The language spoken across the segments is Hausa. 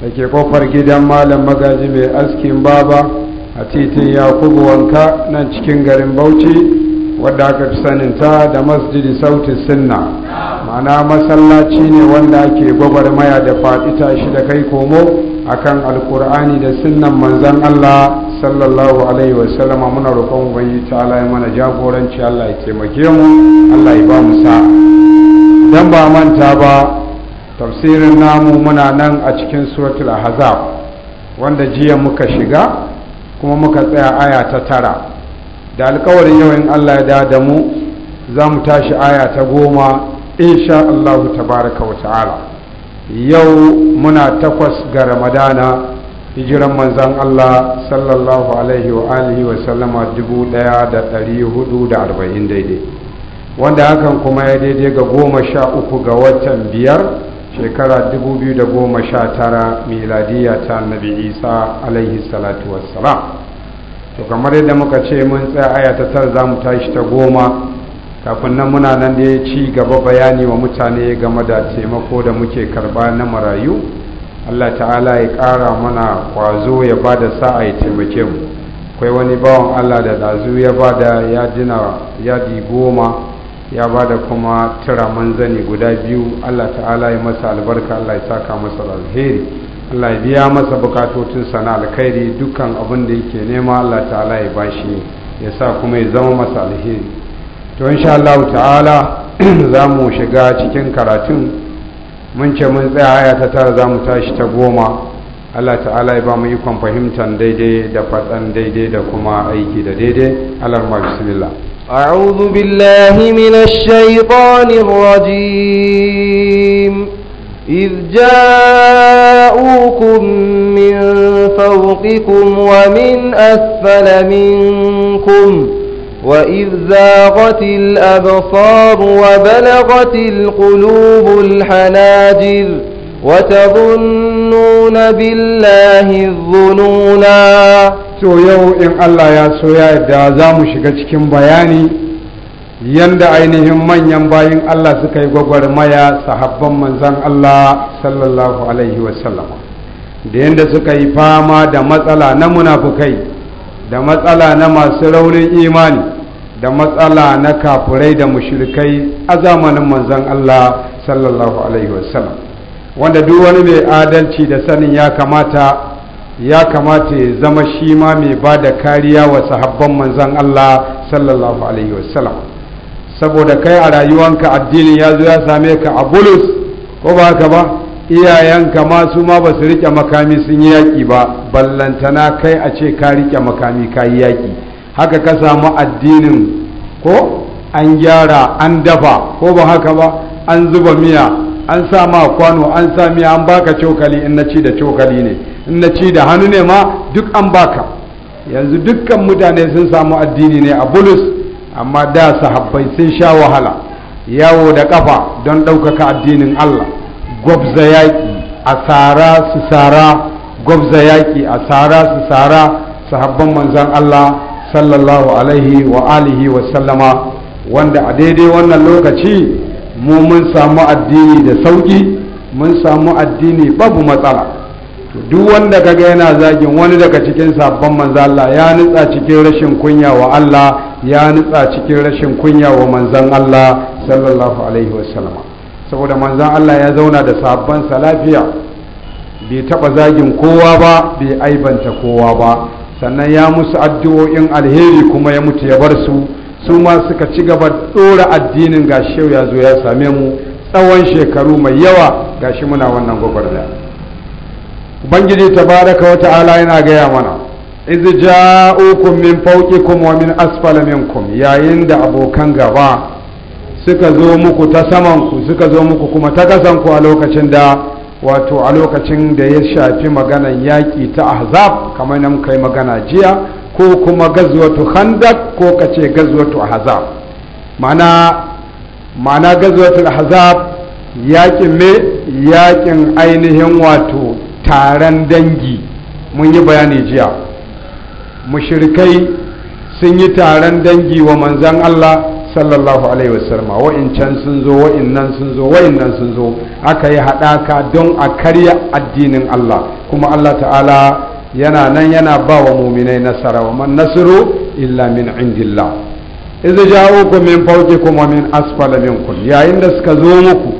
da ke kofar gidan malam magaji mai askin baba a titin yakubu wanka nan cikin garin bauchi wadda aka fi saninta da masjidi sauti sinna mana masallaci ne wanda ake gwagwarmaya da faɗi tashi da kai komo a kan alkur'ani da sunnan manzan allah sallallahu alaihi wasallama muna roƙon ubangiji ta ala mana jagoranci allah ya taimake mu allah ya ba mu sa dan ba manta ba tafsirin namu muna nan a cikin suratul ahzab wanda jiya muka shiga kuma muka tsaya aya ta tara da alƙawarin yau in Allah ya dada mu za mu tashi aya ta goma insha Allah tabaraka wa ta'ala yau muna takwas ga ramadana hijiran manzan Allah sallallahu alaihi wa alihi wa sallama dubu ɗaya da ɗari hudu da arba'in daidai wanda hakan kuma ya daidai ga goma sha uku ga watan biyar shekara 2019 miladiyya ta annabi isa alaihi salatu wassalam to kamar yadda muka ce mun tsaya aya ta tara za mu tashi ta goma kafin nan muna nan da ya ci gaba bayani wa mutane game da taimako da muke karba na marayu allah ta'ala ya ƙara mana kwazo ya ba da sa'a ya taimake mu akwai wani bawan allah da dazu ya ba da yadi goma ya ba da kuma tura manzani guda biyu Allah ta'ala ya masa albarka Allah ya saka masa alheri Allah ya biya masa bukatotinsa na alkhairi dukkan abin da yake nema Allah ta'ala ya bashi ya sa kuma ya zama masa alheri to insha Allah ta'ala za mu shiga cikin karatun mun ce mun tsaya aya ta tara za mu tashi ta goma Allah ta'ala ya ba mu ikon fahimtar daidai da faɗan daidai da kuma aiki da daidai Allah bismillah أعوذ بالله من الشيطان الرجيم إذ جاءوكم من فوقكم ومن أسفل منكم وإذ زاغت الأبصار وبلغت القلوب الحناجر وتظنون بالله الظنونا to yau in Allah ya so ya yadda za mu shiga cikin bayani yanda ainihin manyan bayin Allah suka yi gwagwarmaya sahabban manzan Allah sallallahu alaihi wasallama da yanda suka yi fama da matsala na munafukai da matsala na masu raunin imani da matsala na kafurai da mushrikai a zamanin manzan Allah sallallahu alaihi wanda duk wani mai adalci da sanin ya kamata ya kamata ya zama shi ma mai ba da kariya wa sahabban manzan Allah sallallahu alaihi wasallam saboda kai a rayuwanka addini ya zo ya same ka a bulus ko ba haka ba iyayenka ma su ma ba su riƙe makami sun yi yaƙi ba ballantana kai a ce ka rike makami ka yi yaƙi haka ka samu addinin ko an gyara an dafa ko ba haka ba an zuba miya an sa ma kwano an sa miya an baka cokali in na ci da cokali ne in na ci da hannu ne ma duk an baka yanzu dukkan mutane sun samu addini ne a bulus amma da sahabbai sun sha wahala yawo da kafa don ɗaukaka addinin Allah gwabza yaƙi a tsara su tsara gwabza yaƙi a tsara su tsara sahabban manzan Allah sallallahu alaihi wa alihi wa sallama wanda a daidai wannan lokaci mu mun samu addini da sauki mun samu addini babu matsala duk wanda kaga yana zagin wani daga cikin sabon manzo Allah ya nutsa cikin rashin kunya wa Allah ya nutsa cikin rashin kunya wa manzon Allah sallallahu alaihi wasallam saboda manzon Allah ya zauna da sabon sa lafiya bai taba zagin kowa ba bai aibanta kowa ba sannan ya musu addu'o'in alheri kuma ya mutu ya bar su su ma suka ci gaba ɗora addinin gashi ya zo ya same mu tsawon shekaru mai yawa ga shi muna wannan gwagwarmaya ubangiji tabaraka wa ta'ala yana gaya mana iz ja'ukum min fawqikum wa min asfala minkum yayin da abokan gaba suka zo muku ta saman ku suka zo muku kuma ta kasan ku a lokacin da wato a lokacin da ya shafi maganan yaƙi ta ahzab kamar nan kai magana jiya ko kuma gazwatu handak ko kace gazwatu ahzab ma'ana ma'ana gazwatu ahzab yakin me yakin ainihin wato taron dangi mun yi bayani jiya mushrikai sun yi taron dangi wa manzan Allah sallallahu alaihi wasallama wa'incan sun zo nan sun zo nan sun zo aka yi haɗaka don a karya addinin Allah kuma Allah ta'ala yana nan yana ba wa muminai nasara wa man nasiru illa min indillah idza ja'ukum min fawqikum wa min asfala minkum yayin da suka zo muku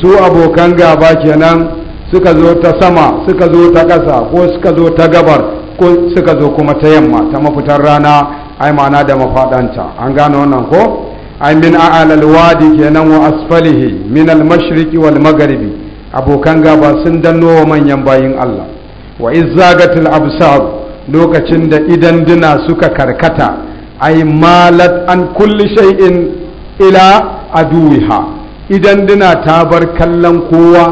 su abokan gaba kenan suka zo ta sama suka zo ta ƙasa ko suka zo ta gabar ko suka zo kuma ta yamma ta mafitar rana ai ma'ana da mafaɗanta an gane wannan ko ai min a'alal alwadi kenan wa asfalihi min almashriqi abokan gaba sun danno manyan bayin Allah wa izagatul absar lokacin da idan duna suka karkata ai malat an kulli shay'in ila aduwiha idan duna ta bar kallon kowa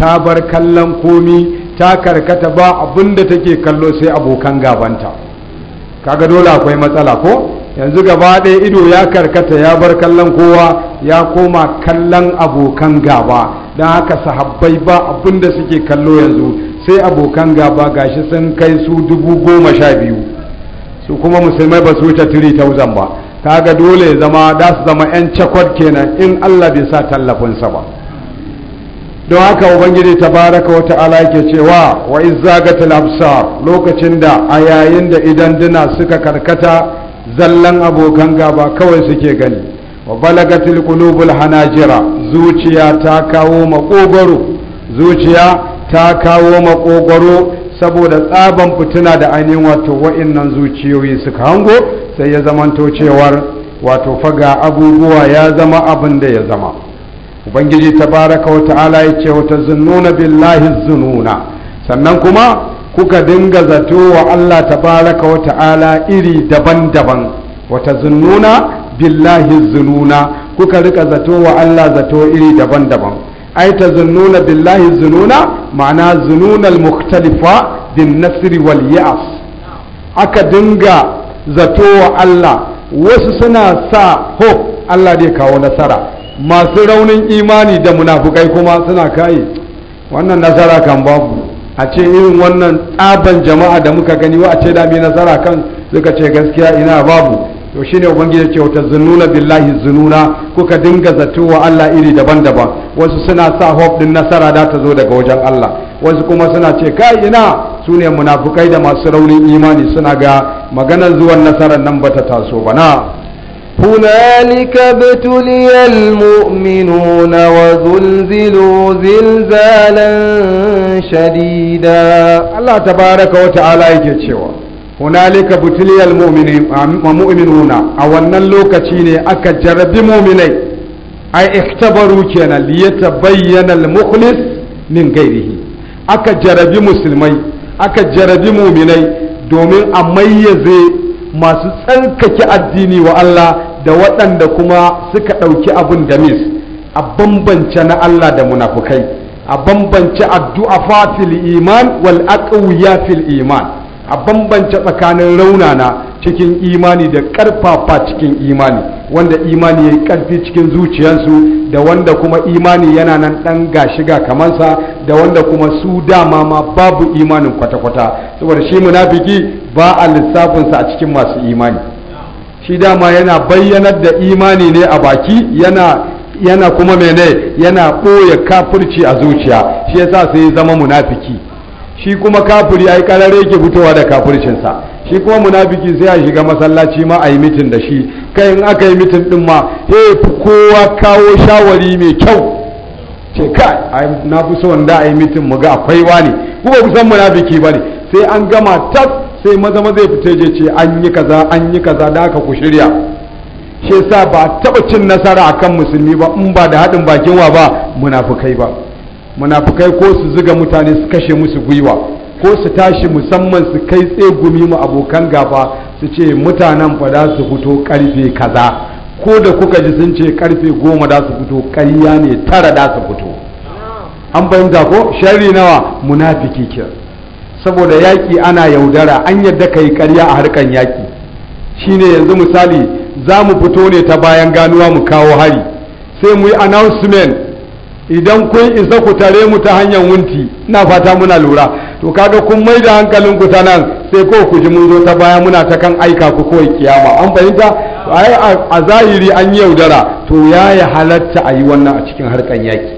ta bar kallon komi ta karkata ba abinda take kallo sai abokan gabanta kaga dole akwai matsala ko yanzu gaba ɗaya ido ya karkata ya bar kallon kowa ya koma kallon abokan gaba don haka sahabbai ba abinda suke kallo yanzu sai abokan gaba gashi sun kai su dubu goma sha biyu su kuma musulmai ba su wuce 3000 ba kaga dole zama da su zama 'yan cakwar kenan in allah bai sa tallafinsa ba don haka ubangiji tabaraka wa ta'ala yake cewa wa al absar lokacin da a yayin da idan duna suka karkata zallan abokan gaba kawai suke gani wa balagatil qulubul hanajira zuciya ta kawo makogoro zuciya ta kawo makogwaro saboda tsaban fituna da ainihin wato wa'innan zuciyoyi suka hango sai ya zamanto cewar wato faga abubuwa ya zama abin da ya zama ubangiji tabaraka wa ta'ala ya ce wata zununa billahi zununa sannan kuma kuka dinga zato wa Allah tabaraka wa ta'ala iri daban-daban wata zununa billahi zununa kuka rika zato wa Allah zato iri daban-daban ai ta zununa billahi zununa ma'ana zununal muktalifa bin nasri wal ya'as aka dinga zato wa Allah wasu suna sa hof Allah ya kawo nasara masu raunin imani da munafukai kuma suna kai wannan nasara kan babu a ce irin wannan tsaban jama'a da muka gani wa a ce da nasara kan suka ce gaskiya ina babu to shine ubangiji ce wata zununa billahi zununa kuka dinga zato wa Allah iri daban-daban wasu suna sa hope din nasara da ta zo daga wajen Allah wasu kuma suna ce kai ina su ne munafukai da masu raunin imani suna ga maganar zuwan nasarar nan bata taso ba na هنالك ابتلي المؤمنون وزلزلوا زلزالا شديدا الله تبارك وتعالى يجي cewa hunalika butiliyal mu'minuna a wannan lokaci ne aka jarabi mu'minai ai iktabaru kenan liyatabayyana al-mukhlis min ghairihi aka jarabi musulmai aka jarabi mu'minai domin a mayyaze masu tsankake addini wa Allah da waɗanda kuma suka ɗauki abin da mis a bambance na Allah da munafukai a bambance addu'a fatil iman wal aqwiya fil iman a bambance tsakanin raunana cikin imani da karfafa cikin imani wanda imani ya yi karfi cikin zuciyarsu da wanda kuma imani yana nan ɗan gashiga kamansa da wanda kuma su dama ma babu imanin kwata-kwata saboda shi munafiki ba a lissafinsa a cikin masu imani shi dama yana bayyanar da imani ne a baki yana yana kuma mene yana ɓoye kafirci a zuciya shi yasa sai zama munafiki shi kuma ya yi karare yake fitowa da kafircinsa shi kuma munafiki sai a shiga masallaci ma a yi mitin da shi kai in aka yi mitin din ma kowa kawo shawari mai kyau ce kai na fi so da a yi mitin mu ga akwai wani kuma kusan munafiki bane sai an gama tas sai maza maza ya fita je ce an yi kaza an yi kaza da aka ku shirya shi yasa ba taba cin nasara akan musulmi ba in ba da haɗin bakin wa ba munafukai ba munafukai ko su ziga mutane su kashe musu gwiwa ko su tashi musamman su kai tsegumi mu abokan gaba su ce mutanen fa za su fito karfe kaza ko da kuka ji sun ce karfe goma da su fito karya ne tara da su fito an fahimta ko shari nawa munafiki ke saboda yaƙi ana yaudara an yadda ka yi a harkan yaƙi shine yanzu misali za mu fito ne ta bayan ganuwa mu kawo hari sai mu yi announcement idan kun isa ku tare mu ta hanyar wunti na fata muna lura to kaga kun mai da hankalin ku ta nan sai ko ku ji mun zo ta baya muna ta kan aika ku kawai kiyama an fahimta ai a zahiri an yi yaudara to ya ya halatta a yi wannan a cikin harkan yaki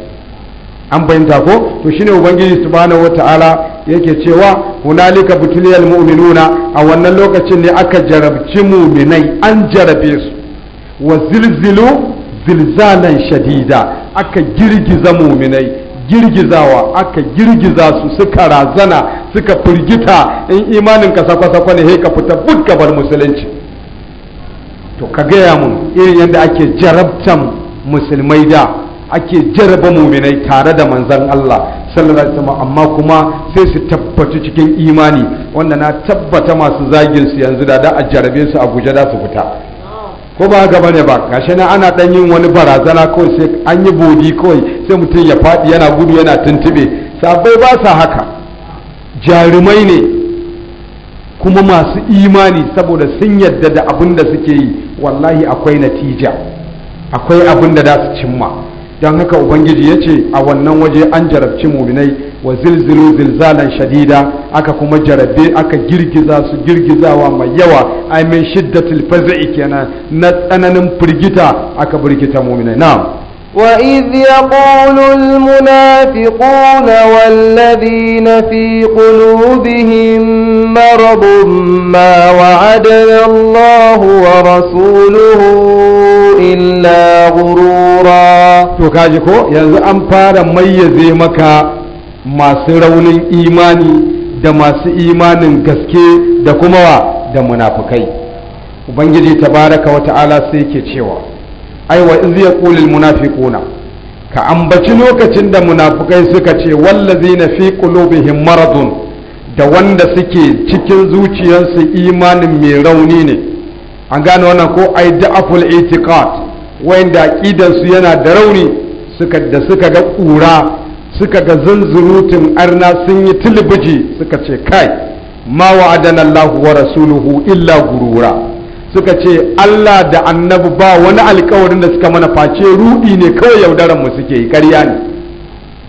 an fahimta ko to shine ubangiji subhanahu wataala yake cewa hunalika butuliyal mu'minuna a wannan lokacin ne aka jarabci mu'minai an jarabe su wa zilzilu zilzalan shadida aka girgiza muminai girgizawa aka girgiza su suka razana suka firgita in imanin ka sakwa-sakwa ne ka fita gabar musulunci to ka gaya mun irin yadda ake jarabtan musulmai da ake jaraba muminai tare da manzan Allah sallallahu alaihi wasallam amma kuma sai su tabbata cikin imani wanda na tabbata masu zagin su yanzu da da a jarabe su a guje da su fita ko ba gaba ne ba gashi na ana dan yin wani barazana kawai sai an yi bodi kawai sai mutum ya faɗi yana gudu yana tuntube sabai ba sa haka jarumai ne kuma masu imani saboda sun yarda da abin da suke yi wallahi akwai natija akwai abin da za su cimma don haka ubangiji ya ce a wannan waje an jarabci muminai wa zilzilu zilzalan shadida aka kuma jarabe aka girgiza su girgizawa mai yawa ai shidda shiddatil kenan na tsananin firgita aka firgita muminai na'am وإذ يقول المنافقون والذين في قلوبهم مرض ما وعدنا الله ورسوله إلا غرورا تكاجكو ينزو أمفار ميزي مكا ما سرون إيماني da masu imanin gaske da kuma wa da munafukai ubangiji tabaraka wa ta'ala sai ke cewa ai wa iz yaqulul munafiquna ka ambaci lokacin da munafukai suka ce wallazina fi qulubihim maradun da wanda suke cikin zuciyarsu imanin mai rauni ne an gane wannan ko ai da'aful itiqad wanda aqidan su yana da rauni da suka ga kura suka ga zunzurutun arna sun yi tilbiji suka ce kai ma wa'adana Allahu wa rasuluhu illa gurura suka ce Allah da annabi ba wani alkawarin da suka mana face ruɗi ne kawai yaudaran mu suke karya ne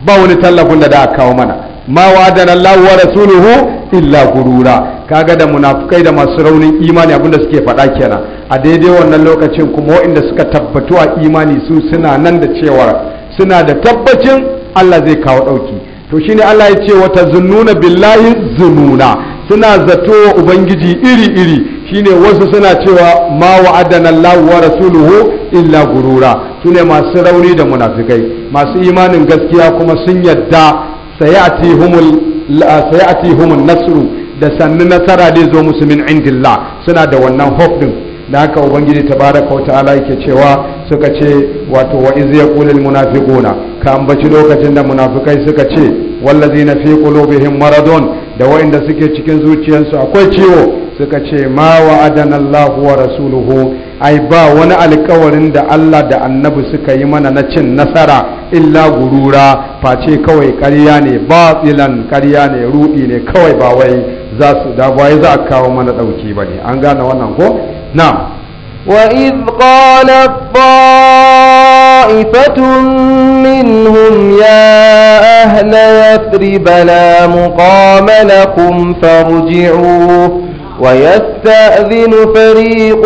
ba wani tallafin da da kawo mana ma da Allah wa rasuluhu illa gurura kaga da munafukai da masu raunin imani abinda suke faɗa kenan a daidai wannan lokacin kuma waɗanda suka tabbatu a imani su suna nan da cewa suna da tabbacin Allah zai kawo ɗauki to shine Allah ya ce wata zununa billahi zununa suna zato wa ubangiji iri iri shine wasu suna cewa ma wa'adana Allah wa rasuluhu illa gurura sune masu rauni da munafikai masu imanin gaskiya kuma sun yadda sayatihumul sayatihum nasru da sannu nasara dai zo musu min indillah suna da wannan hope din da haka ubangiji tabaraka wa ta'ala yake cewa suka ce wato wa iz yaqulul munafiquna ka ambaci lokacin da munafikai suka ce wallazina fi qulubihim maradun da wa'inda suke cikin zuciyarsu akwai ciwo suka ce ma wa Allah wa rasuluhu ai ba wani alkawarin da Allah da annabi suka yi mana na cin nasara illa gurura face kawai karya ne tsilan ƙarya ne rudi ne kawai ba wai za su da ba za a kawo mana dauki ne an gane wannan ko na'am وإذ قالت طائفة منهم يا أهل يثرب لا مقام لكم ويستأذن فريق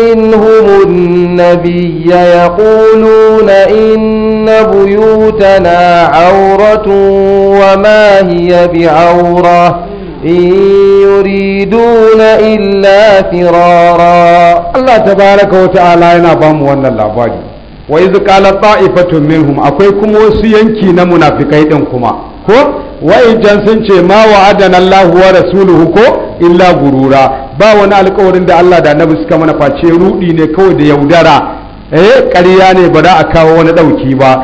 منهم النبي يقولون إن بيوتنا عورة وما هي بعورة إن يريدون إلا فرارا الله تبارك وتعالى ينبام وانا اللعباجي وإذ قال طائفة منهم أكويكم وسينكي نمنا في قيدكما هو can sun ce ma adana Allah wa rasuluhu ko illa gurura ba wani alkawarin da Allah da annabi suka mana face rudi ne kawai da yaudara eh ƙarya ne ba za a kawo wani ɗauki ba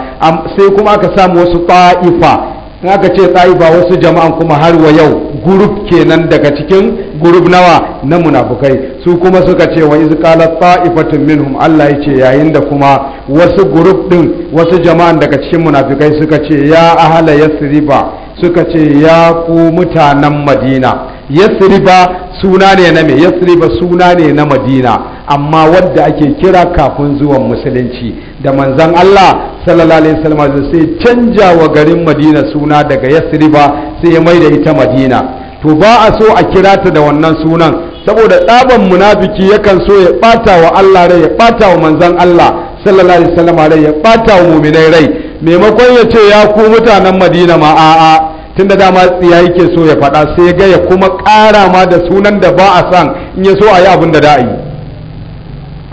sai kuma aka samu wasu ta'ifa in aka ce ta'ifa wasu jama'an kuma har wa yau gurub kenan daga cikin gurub nawa na munafukai su kuma suka ce wa iz qala ta'ifatun minhum Allah ya ce yayin da kuma wasu gurub din wasu jama'an daga cikin munafukai suka ce ya ahla yasriba suka ce ya ku mutanen madina yasriba suna ne na me yasriba suna ne na madina amma wadda ake kira kafin zuwan musulunci da manzan Allah sallallahu alaihi wasallam sai canja wa garin madina suna daga yasriba sai ya mai da ita madina to ba a so a kira ta da wannan sunan saboda tsaban munafiki yakan so ya bata wa Allah rai ya bata wa manzan Allah sallallahu alaihi wasallam rai ya bata wa mu'minai rai maimakon ya ce ya ku mutanen madina ma a'a da dama tsiya yake so ya faɗa sai ya gaya kuma ƙara ma da sunan da ba a san in ya so a yi abin da da yi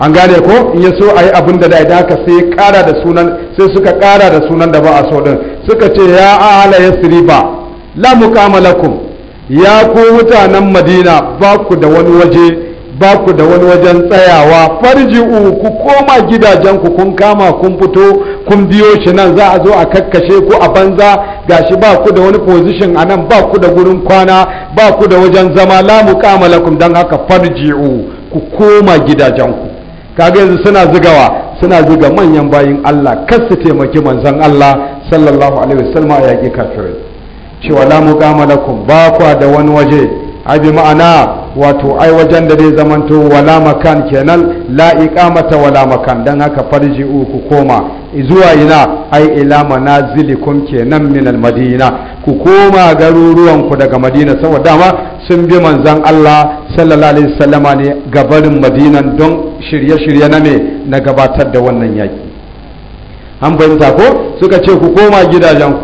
an gane ko in ya so a yi abin da da yi da haka sai ƙara da sunan sai suka ƙara da sunan da ba a so din suka ce ya ala ya ba la mukamalakum ya ku mutanen madina ba ku da wani waje ba ku da wani wajen tsayawa farji'u ku koma gidajenku kun kama kun fito kun biyo shi nan za a zo a kakkashe ku a banza gashi ba ku da wani position a nan ba ku da gurin kwana ba ku da wajen zama la muqama kum dan haka farji ku koma gidajenku kaga yanzu suna zigawa suna ziga manyan bayin Allah kar taimaki manzon Allah sallallahu alaihi wasallam a yaƙi kafirai cewa la muqama kum ba ku da wani waje abi ma'ana wato ai wajen da zai zamanto wala makan kenan la iqamata wala makan dan haka farji ku koma zuwa ina ai ila manazilikum kenan min almadina ku koma garuruwan ku daga madina saboda ma sun bi manzon Allah sallallahu alaihi wasallama ne gabarin madinan don shirye-shirye na me na gabatar da wannan yaki an fahimta ko suka ce ku koma gidajen ku.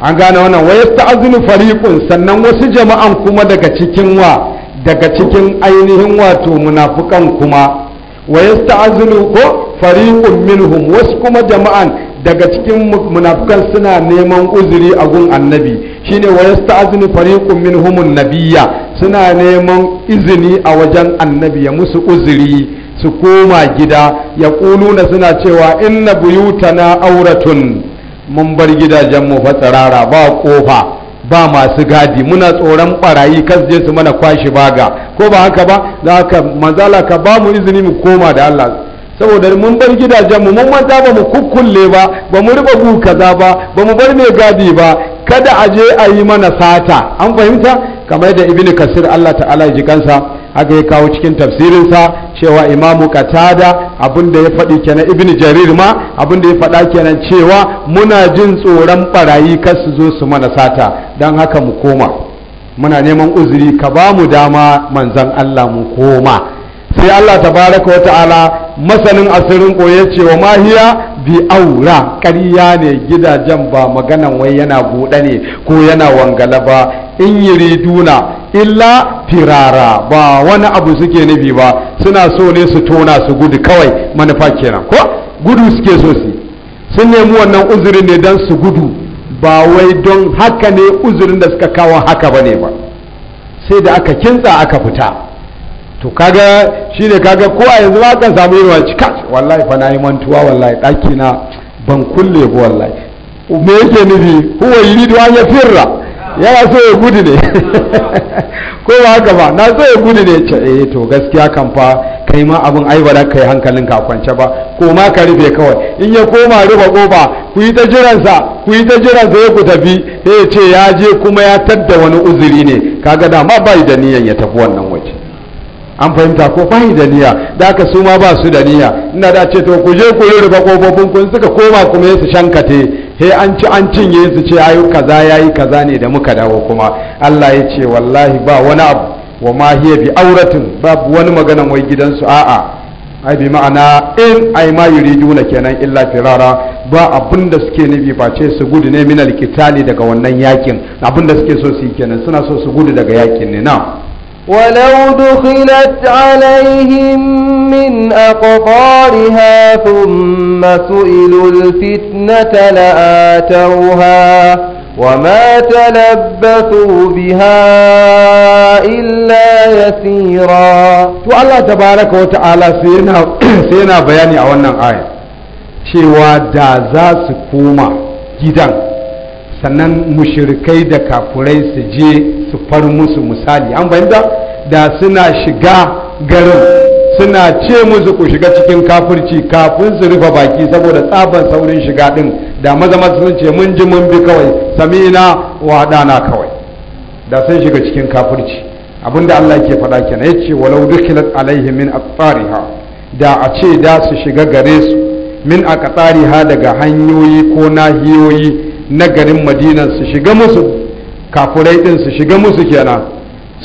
an gane wannan wayasta azmi fariqun sannan wasu jama'an kuma daga cikin wa daga cikin ainihin wato munafukan kuma wa yasta'zilu ko fariqun minhum wasu kuma jama'an daga cikin munafukan suna neman uzuri a gun annabi shine wa yasta'zinu fariqun minhum nabiyya suna neman izini a wajen annabi ya musu uzuri su koma gida ya na suna cewa inna buyutana auratun mun bar gidajenmu fa ba kofa ba masu gadi muna tsoron barayi kan je su mana kwashi baga ko ba haka ba za ka manzala ka ba mu izini mu koma da Allah saboda mun bar gidajen mu mun manta ba mu kukkulle ba ba mu riba gu kaza ba ba mu bar mai gadi ba kada a je a yi mana sata an fahimta kamar da ibnu kasir Allah ta'ala ji kansa haka ya kawo cikin sa cewa imamu katada abin da ya faɗi kenan ibn jarir ma abin da ya faɗa kenan cewa muna jin tsoron barayi kar su zo su mana sata don haka mu koma muna neman uzuri ka ba mu dama manzan Allah mu koma sai Allah tabaraka wata'ala masanin asirin koye cewa mahiya bi aura ƙarya ne gidajen ba maganan wai yana buɗe ne ko yana wangala ba in riduna illa firara ba wani abu suke nufi ba suna so ne su tona su gudu kawai manufa kenan ko gudu suke so su sun nemi wannan uzurin ne don su gudu ba wai don haka ne uzurin da suka kawo haka ba ne ba sai da aka kintsa aka fita to kaga shi ne kaga ko a yanzu ba kan samu yin wani cika wallahi fa na yi mantuwa wallahi ɗaki na ban kulle ba wallahi me yake nufi huwa yi an ya firra yana so ya gudu ne ko ba haka ba na so ya gudu ne ce eh to gaskiya kan fa kai ma abin ai ba kai hankalin ka kwance ba ko ma ka rufe kawai in ya koma rufe kofa ku yi ta jiransa ku yi ta jiransa ya ku tafi ya ce ya je kuma ya tadda wani uzuri ne kaga ma bai da niyan ya tafi wannan waje an fahimta ko bai da niyya da aka su ma ba su da niyya ina da ce to ku je ku rufe kofofin kun suka koma kuma ya su shankate he an ci an cinye su ce ayu kaza yayi kaza ne da muka dawo kuma Allah ya ce wallahi ba wani abu wa ma hiya bi auratin babu wani magana wai gidansu a'a ai bi ma'ana in ai ma yuriduna kenan illa firara ba abin da suke nufi face su gudu ne minal kitali daga wannan yakin abin da suke so su yi kenan suna so su gudu daga yakin ne na ولو دخلت عليهم من أقطارها ثم سئلوا الفتنة لآتوها وما تلبثوا بها إلا يسيرا تو الله تبارك وتعالى سينا سينا بياني أولنا آية شيوا دازا سكوما جدا sannan mushirikai da kafurai su je su far musu misali an fahimta da suna shiga garin suna ce musu ku shiga cikin kafurci kafin su rufe baki saboda tsaban saurin shiga din da maza maza sun ce mun ji mun bi kawai samina wa dana kawai da sun shiga cikin kafirci abinda Allah ke faɗa kenan yace walau dukhilat alaihim min aqtariha da a ce da su shiga gare su min aqtariha daga hanyoyi ko nahiyoyi na garin madinan su shiga musu kafurai din su shiga musu kenan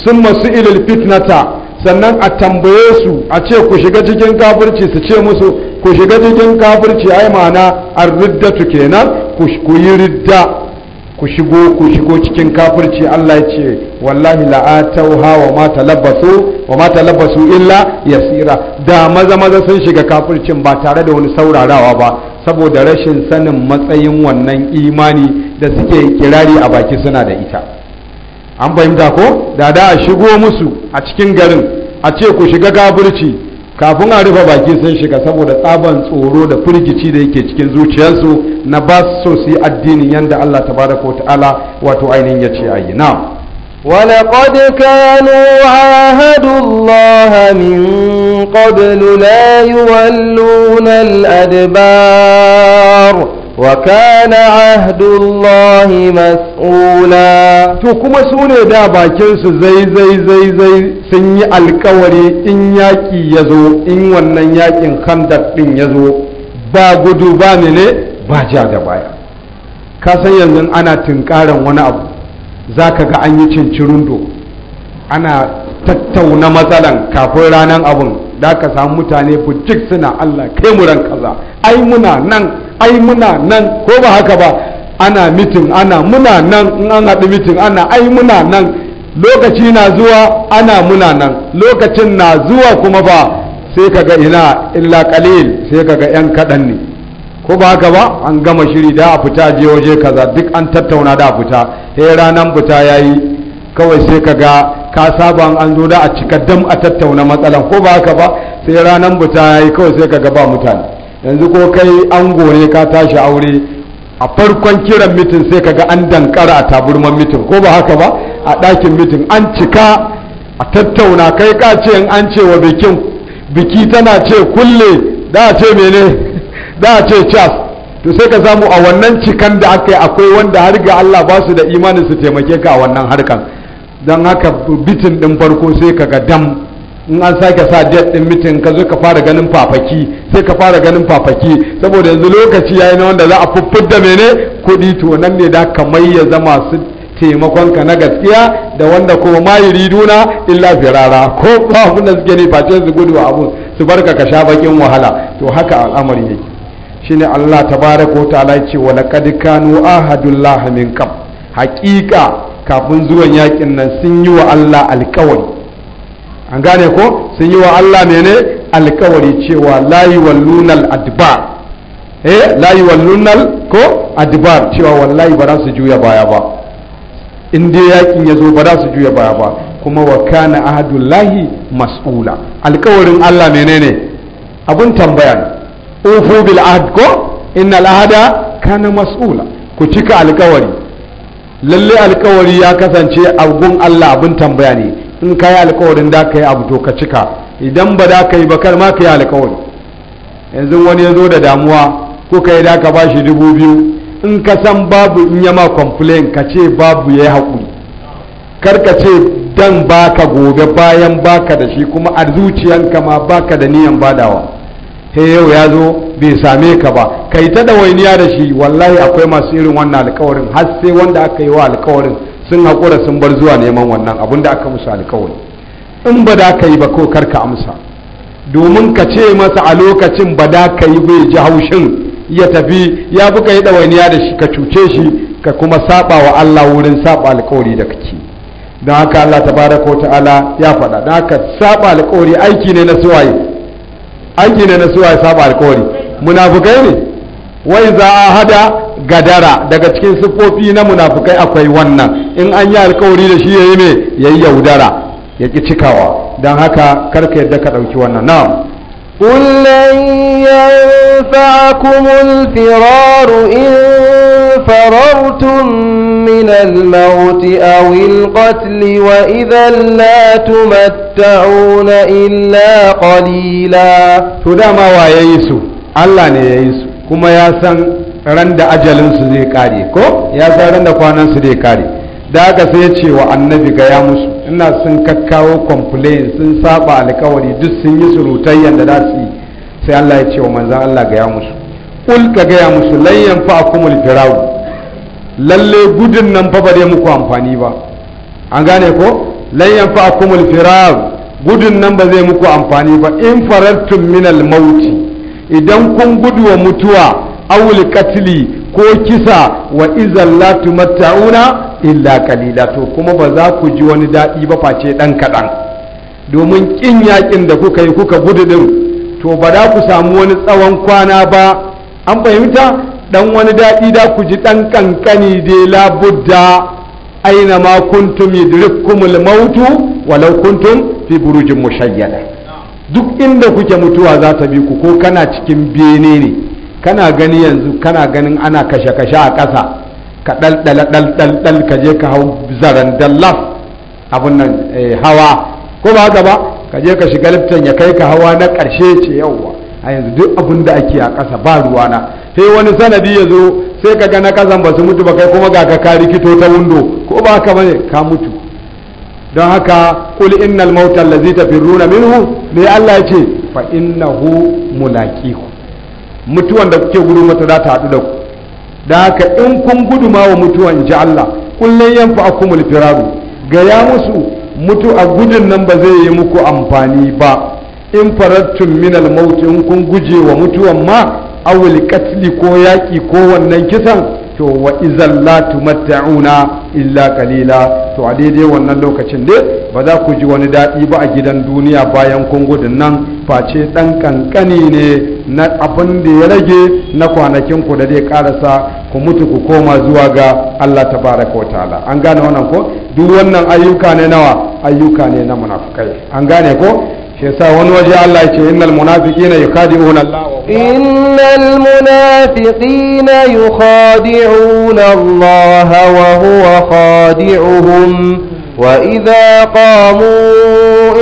sun masu ilil fitnata sannan a tambaye su a ce ku shiga cikin kafirci su ce musu ku shiga cikin kafirci ai ma'ana an riddatu kenan ku yi ridda ku shigo ku shigo cikin kafirci Allah ya ce wallahi la'atauha wa ma talabbasu wa ma talabbasu illa yasira da maza maza sun shiga kafircin ba tare da wani saurarawa ba saboda rashin sanin matsayin wannan imani da suke kirari a baki suna da ita an fahimta ko da da a shigo musu a cikin garin a ce ku shiga gaburci kafin a rufe baki sun shiga saboda tsaban tsoro da firgici da yake cikin zuciyarsu na ba su yi addinin yadda Allah tabaraka wa ta'ala wato ainihin ya ce ayi na'am ولقد كانوا عاهدوا الله من قبل لا يولون الأدبار وكان عهد الله مسؤولا to kuma su ne da bakinsu zai zai zai zai sun yi alƙawari in yaƙi ya zo in wannan yaƙin handak ɗin ya zo ba gudu ba ne ba ja da baya ka san yanzu ana tunkaran wani abu za ka ga an yi cincirundo ana tattauna matsalan kafin ranar abun da ka samu mutane bujik suna Allah kai mu ran kaza ai muna nan ai muna nan ko ba haka ba ana mitin ana muna nan in an haɗu mitin ana ai muna nan lokaci na zuwa ana muna nan lokacin na zuwa kuma ba sai ka ga ina illa kalil sai ka ga yan kaɗan ne ko ba haka ba an gama shiri da a fita je waje kaza duk an tattauna da a fita sai ranar buta ya yi kawai sai ka ga ka saba an zo da a cika dam a tattauna matsalan ko ba haka ba sai ranar buta ya yi kawai sai ka ga ba mutane yanzu ko kai an gore ka tashi aure a farkon kiran mitin sai ka ga an dankara a taburman mitin ko ba haka ba a ɗakin mitin an cika a tattauna kai ka ce in an ce wa bikin biki tana ce kulle da ce mene da ce cas to sai ka samu a wannan cikan da aka yi akwai wanda har ga Allah ba su da imanin su taimake ka a wannan harkan don haka bitin din farko sai ka ga dam in an sake sa jet din mitin ka zo ka fara ganin fafaki sai ka fara ganin fafaki saboda yanzu lokaci yayi na wanda za a da mene kuɗi to nan ne da ka mai ya zama su taimakon ka na gaskiya da wanda kuma ma riduna illa firara ko ba abin da suke ne face su gudu abun su barka ka sha bakin wahala to haka al'amari yake shine Allah tabaraka wa ta'ala yace wa laqad kanu ahadullah min qab haqiqa kafin zuwan yakin nan sun yi wa Allah alkawari an gane ko sun yi wa Allah mene alkawari cewa la yuwallunal adbar eh la yuwallunal ko adbar cewa wallahi ba za su juya baya ba in dai yakin ya zo ba za su juya baya ba kuma wa kana ahadullahi mas'ula alkawarin Allah menene abun tambaya ne ufu bil ahd ko innal ahda kana mas'ula ku cika alkawari lalle alkawari ya kasance abun Allah abin tambaya ne in ka yi alkawarin da ka abu to ka cika idan ba da ka yi ba kar ma ka yi alkawari yanzu wani ya zo da damuwa ko ka da ka bashi dubu biyu in ka san babu in yama complain ka ce babu ya yi haƙuri kar ka ce dan baka gobe bayan baka da shi kuma a zuciyanka ma baka da niyan badawa sai yau ya zo bai same ka ba kai ta ɗawainiya da shi wallahi akwai masu irin wannan alkawarin har sai wanda aka yi wa alkawarin sun haƙura sun bar zuwa neman wannan abin da aka musu alkawari in ba da ka yi ba ko kar ka amsa domin ka ce masa a lokacin ba da ka yi bai ji haushin ya tafi ya buka yi ɗawainiya da shi ka cuce shi ka kuma saba wa Allah wurin saba alkawari da kake don haka Allah tabaraka wa ta'ala ya faɗa don haka saba alkawari aiki ne na suwaye an gina na suwa ya saba alkawari munafukai ne wai za a hada gadara daga cikin siffofi na munafukai akwai wannan in an yi alkawari da shi ya yi ya yi yaudara ya ki cikawa don haka karka yadda ka ɗauki wannan na قل لن ينفعكم firaru in فررتم من الموت أو القتل وإذا لا تمتعون إلا قليلا ما ويسو الله نيسو كما يسن رند أجل سذيكاري كو يسن رند قوانا سذيكاري da aka sai ya ce wa annabi gaya musu ina sun kakkawo complain sun saba alkawari duk sun yi yadda da za su yi sai Allah ya ce wa manzan Allah gaya musu Ulka ka gaya musu lan fa'akumul firawu lalle gudun nan fa ba dai muku amfani ba an gane ko lan akumul firar gudun nan ba zai muku amfani ba in farartum minal mauti idan kun gudu wa mutuwa awul katli ko kisa wa izan la tumatta'una illa qalila to kuma ba za ku ji wani dadi ba face dan kaɗan domin kin yakin da kuka yi kuka gudu din to ba za ku samu wani tsawon kwana ba an fahimta dan wani daɗi da ku ji dan kankani dai labudda aina ma kuntum yudrikumul mautu walau kuntum fi burujin mushayyada duk inda kuke mutuwa za ta bi ku ko kana cikin bene ne kana gani yanzu kana ganin ana kashe-kashe a ƙasa ka ɗalɗala ɗalɗal ka je ka hau zaren dallaf abin nan eh, hawa ko ba haka ba ka je ka shiga liftan ya kai ka hawa na ƙarshe ce yauwa a yanzu duk abin da ake a ƙasa ba ruwa na. sai wani sanadi ya zo sai ka ga na kasan ba su mutu ba kai kuma ga ka kari rikito ta wundo ko ba haka bane ka mutu don haka kul innal mauta allazi tafirruna minhu me Allah ya ce fa innahu mulaqiku mutuwan da kuke gudu mata za ta haɗu da ku da haka in kun gudu ma wa mutuwan ji Allah kullun akumul firaru ga ya musu mutu a gudun nan ba zai yi muku amfani ba in farattum minal mautu in kun guje wa mutuwan ma awul katli ko yaƙi ko wannan kisan to wa izan la tumatta'una illa kalila to a daidai wannan lokacin dai ba za ku ji wani daɗi ba a gidan duniya bayan kun gudun nan face ɗan kankani ne na abin da ya rage na kwanakin ku da zai ƙarasa ku mutu ku koma zuwa ga Allah tabaraka wa ta'ala an gane wannan ko duk wannan ayyuka ne nawa ayyuka ne na munafukai an gane ko shi yasa wani waje Allah ya ce innal munafiqina yukhadi'una Allah innal munafiqina yukhadi'una Allah wa huwa khadi'uhum wa idha qamu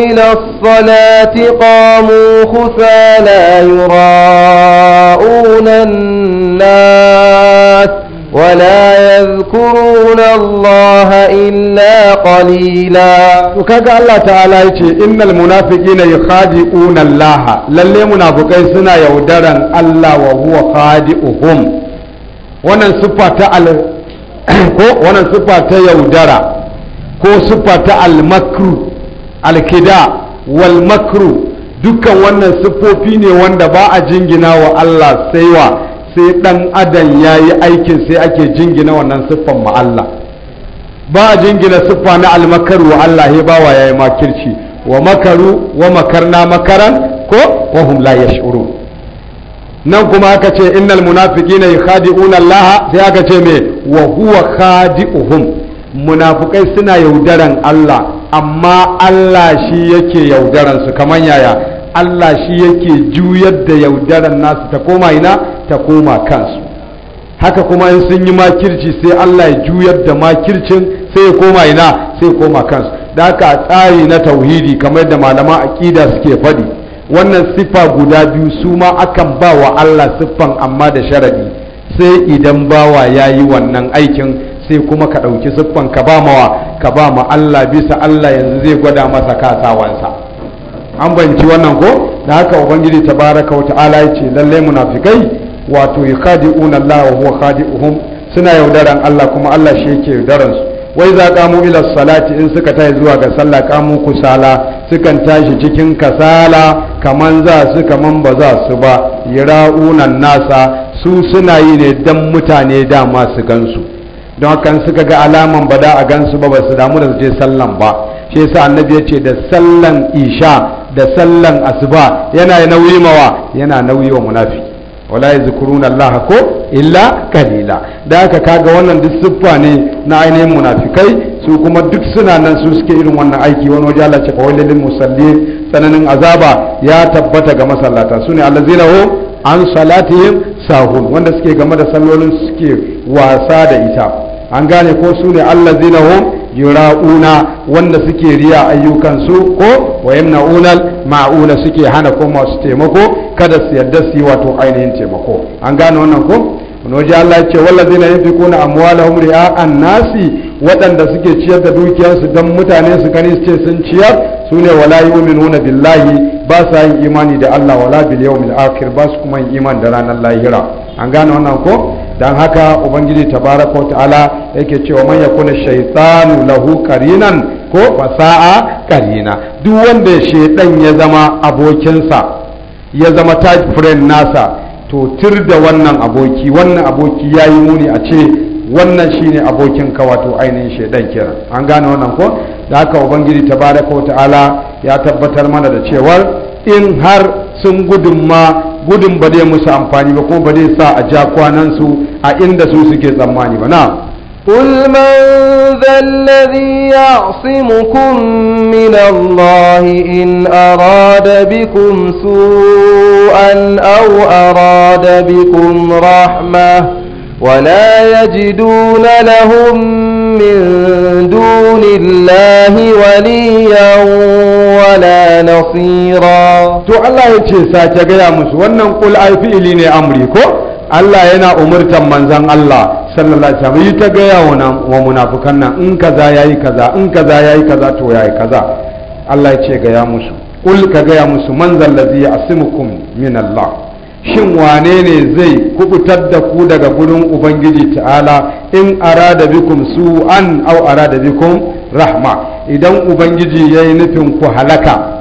ila as-salati qamu khusala yura'una ولا يذكرون الله إلا قليلا وكذا الله تعالى يقول إن المنافقين يخادعون الله للي منافقين سنا يودرا الله وهو خادعهم wannan siffa ta al ko wannan siffa ta yaudara ko siffa ta al makru al wal makru dukkan wannan siffofi ne wanda ba a jingina wa Allah saiwa sai ɗan adam ya yi aikin sai ake jingina wannan siffan ma'alla Allah ba a jingina siffa na almakaru wa Allah ya bawa ya yi makirci wa makaru wa makarna makaran ko wahum la yash'urun nan kuma aka ce innal yi yukhadi'una Allah sai aka ce mai wa huwa khadi'uhum munafukai suna yaudaran Allah amma Allah shi yake yaudaran kamar yaya Allah shi yake juyar da yaudaran nasu ta koma ina ta koma kansu haka kuma in sun yi makirci sai Allah ya juyar da makircin sai ya koma ina sai ya koma kansu da haka tsari na tauhidi kamar da malaman aƙida suke faɗi wannan siffa guda biyu su ma akan ba wa Allah siffan amma da sharadi sai idan bawa ya yi wannan aikin sai kuma ka ɗauki siffan ka ba mawa ka ba ma Allah bisa Allah yanzu zai gwada masa kasawansa an banci wannan ko da haka ubangiji tabaraka wa ta'ala ya ce lallai munafikai wato una Allah wa huwa uhum suna yaudaran Allah kuma Allah shi yake yaudaran su wai za kamu ila salati in suka tashi zuwa ga sallah kamu kusala sukan tashi cikin kasala kaman za su kaman ba za su ba yira'unan nasa su suna yi ne dan mutane dama su gansu don haka suka ga alaman ba da a gansu ba ba su damu da su je sallan ba shi yasa annabi ya ce da sallan isha da sallan asuba yana nauyi mawa yana nauyi wa munafiki wala zikuruna allaha ko illa kalila da haka kaga wannan duk siffa ne na ainihin munafikai su kuma duk suna nan su suke irin wannan aiki wani waje Allah ce fa wailil musalli tsananin azaba ya tabbata ga masallata sune allazina hu an salatihim sahun wanda suke game da sallolin suke wasa da ita an gane ko sune allazina hu yura'una wanda suke riya ayyukansu ko wa yamna'una ma'una suke hana ko masu taimako kada su yadda su yi wato ainihin taimako an gane wannan ko wani waje Allah ya ce wallazina yunfiquna amwalahum ri'a'an nasi waɗanda suke ciyar da dukiyarsu don mutane su gani su ce sun ciyar su ne wala yu'minuna billahi ba sa yin imani da Allah wala bil yawmil akir ba su kuma yin iman da ranar lahira an gane wannan ko dan haka ubangiji tabaraka wa ta'ala yake cewa man yakuna shaytanu lahu karinan ko fasa'a karina duk wanda shedan ya zama abokinsa ya zama tag friend nasa to tir da wannan aboki wannan aboki yi muni a ce wannan shine abokin ka wato ainihin shedan kiran. an gane wannan ko da haka ubangiji tabaraka wa ta'ala ya tabbatar mana da cewar in har sun gudunma gudun ba zai musu amfani ba ko ba zai sa a ja kwanansu a inda su suke tsammani ba na قل من ذا الذي يعصمكم من الله إن أراد بكم سوءا أو أراد بكم رحمة ولا يجدون لهم من دون الله وليا nasira to Allah ya ce sake gaya musu wannan kul ai fi'ili ne amri ko Allah yana umurtan manzon Allah sallallahu alaihi wasallam yi ta gaya wa munafukan nan in kaza yayi kaza in kaza yayi kaza to yayi kaza Allah ya ce gaya musu kul ka gaya musu manzal zallazi ya'simukum min Allah shin wane ne zai kubutar da ku daga gurin ubangiji ta'ala in arada bikum su an au arada bikum rahma idan ubangiji ya yi nufin ku halaka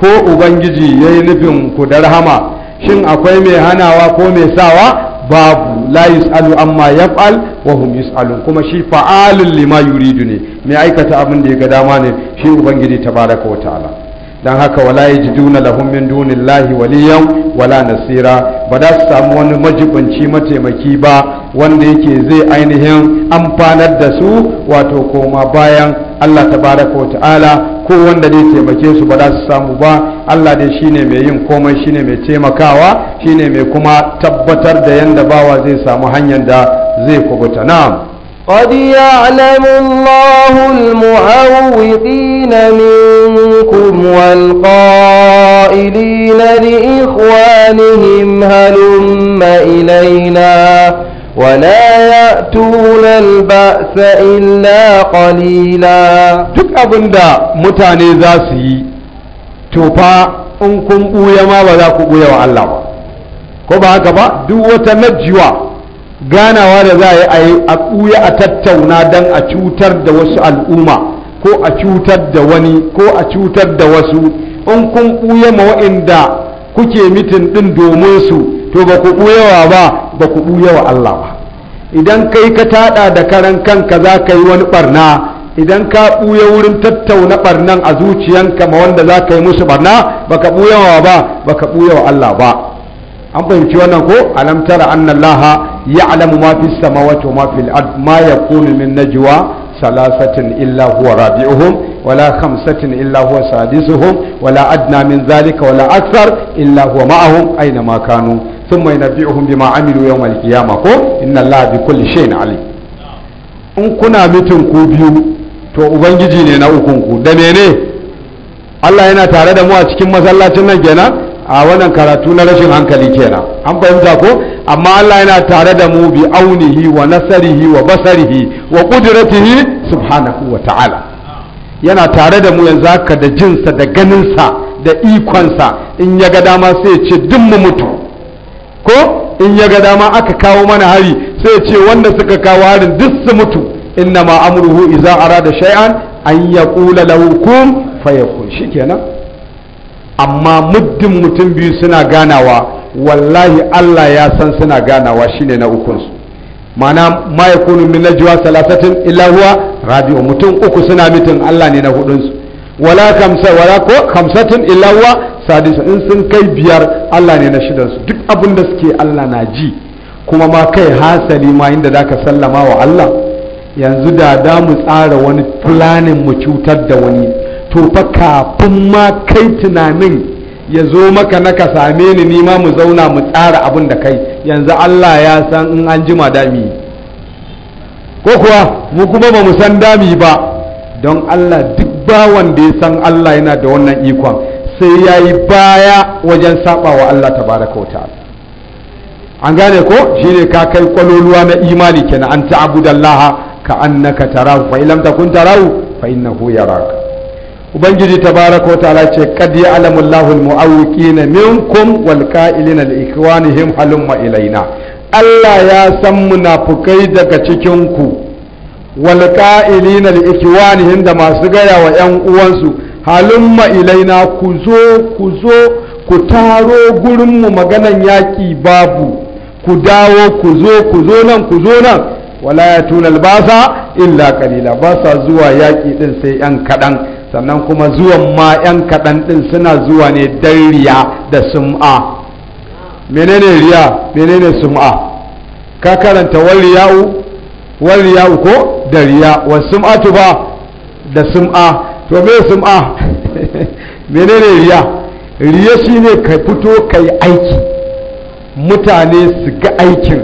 ko ubangiji ya yi nufin ku da rahama shin akwai mai hanawa ko mai sawa babu la yus'alu amma yaf'al wa hum yus'alun kuma shi fa'alun lima yuridu ne mai aikata abin da ya ga dama ne shi ubangiji tabaraka wa ta'ala dan haka wala yajiduna lahum min dunillahi waliyan wala nasira ba za su samu wani majibanci mataimaki ba wanda yake zai ainihin amfanar da su wato koma bayan Allah tabaraka wa ta'ala ko wanda zai taimake su ba za su samu ba Allah dai shine mai yin komai shine mai taimakawa shine mai kuma tabbatar da yanda bawa zai samu hanyar da zai kubuta na'am قد يعلم الله المعوقين منكم والقائلين لإخوانهم هلم إلينا ولا يأتون البأس إلا قليلا duk abinda mutane za su yi fa in kun buya ma ba za ku buya wa Allah ba ko ba haka ba duk wata najiwa ganawa da za a yi a buya a tattauna don a cutar da wasu al'umma ko a cutar da wani ko a cutar da wasu in kun buya ma wa'inda kuke mitin ɗin domin su to ba ku buyawa ba ba ku ɓuya wa Allah ba idan kai ka taɗa da karan kanka za ka yi wani ɓarna idan ka ɓuya wurin tattauna ɓarnan a zuciyanka ma wanda za ka yi musu ɓarna baka ɓuya wa ba baka ɓuya wa Allah ba an fahimci wannan ko alam tara anna Allah alamu ma fi samawati wa ma fil ard ma yakunu min najwa salasatin illa huwa rabi'uhum ولا خمسة إلا هو سادسهم ولا أدنى من ذلك ولا أكثر إلا هو aina ma kanu. thumma yunabbi'uhum bima amilu yawm al-qiyama ko inna Allah bi kulli in kuna mutum ku biyu to ubangiji ne na ukunku da mene Allah yana tare da mu a cikin masallacin nan kenan a wannan karatu na rashin hankali kenan an fahimta ko amma Allah yana tare da mu bi aunihi wa nasarihi wa basarihi wa qudratihi subhanahu wa ta'ala yana tare da mu yanzu haka da jinsa da ganinsa da ikonsa in ya ga dama sai ce duk mu mutu ko in ya ga dama aka kawo mana hari sai ce wanda suka kawo harin duk su mutu inna ma amruhu idza arada shay'an an yaqula lahu kun fayakun shikenan amma muddin mutum biyu suna ganawa wallahi Allah ya san suna ganawa shine na ukun su mana ma yakunu min najwa salasatin illa huwa rabi'u mutum uku suna mitin Allah ne na hudun su wala kamsa wala ko kamsatin illa huwa sadisa in sun kai biyar Allah ne na su duk abin da suke Allah na ji kuma ma kai hasali ma inda zaka sallama wa Allah yanzu da da mu tsara wani planning mu cutar da wani to fa kafin ma kai tunanin ya zo maka na ka same ni ni ma mu zauna mu tsara abin da kai yanzu Allah ya san in an jima dami ko kuwa mu kuma ba mu san dami ba don Allah duk bawan da ya san Allah yana da wannan ikon sai ya yi baya wajen saba wa Allah tabaraka wa ta'ala an gane ko shine ka kai kwaloluwa na imani kenan an ta'budallaha ka annaka tarahu fa illam takun tarahu fa innahu yaraka ubangiji tabaraka wa ta'ala ce kad ya'lamu Allahu al-mu'awwiqina minkum wal qa'ilina li ikwanihim halumma ilaina Allah ya san munafukai daga cikin ku wal qa'ilina li ikwanihim da masu gaya wa 'yan uwansu halumma ilaina ku zo ku zo ku taro gurinmu maganan yaƙi babu ku dawo ku zo ku zo nan ku zo nan wala ya tuna albasa illa kalila ba sa zuwa yaƙi ɗin sai ‘yan kaɗan sannan kuma zuwan ma ‘yan kaɗan ɗin suna zuwa ne don riya da sum'a menene riya menene sum'a ka karanta wal riya'u wal riya'u ko da riya wa sum'atu ba da sum'a to me sum'a menene riya riya shine ka fito ka yi aiki mutane su ga aikin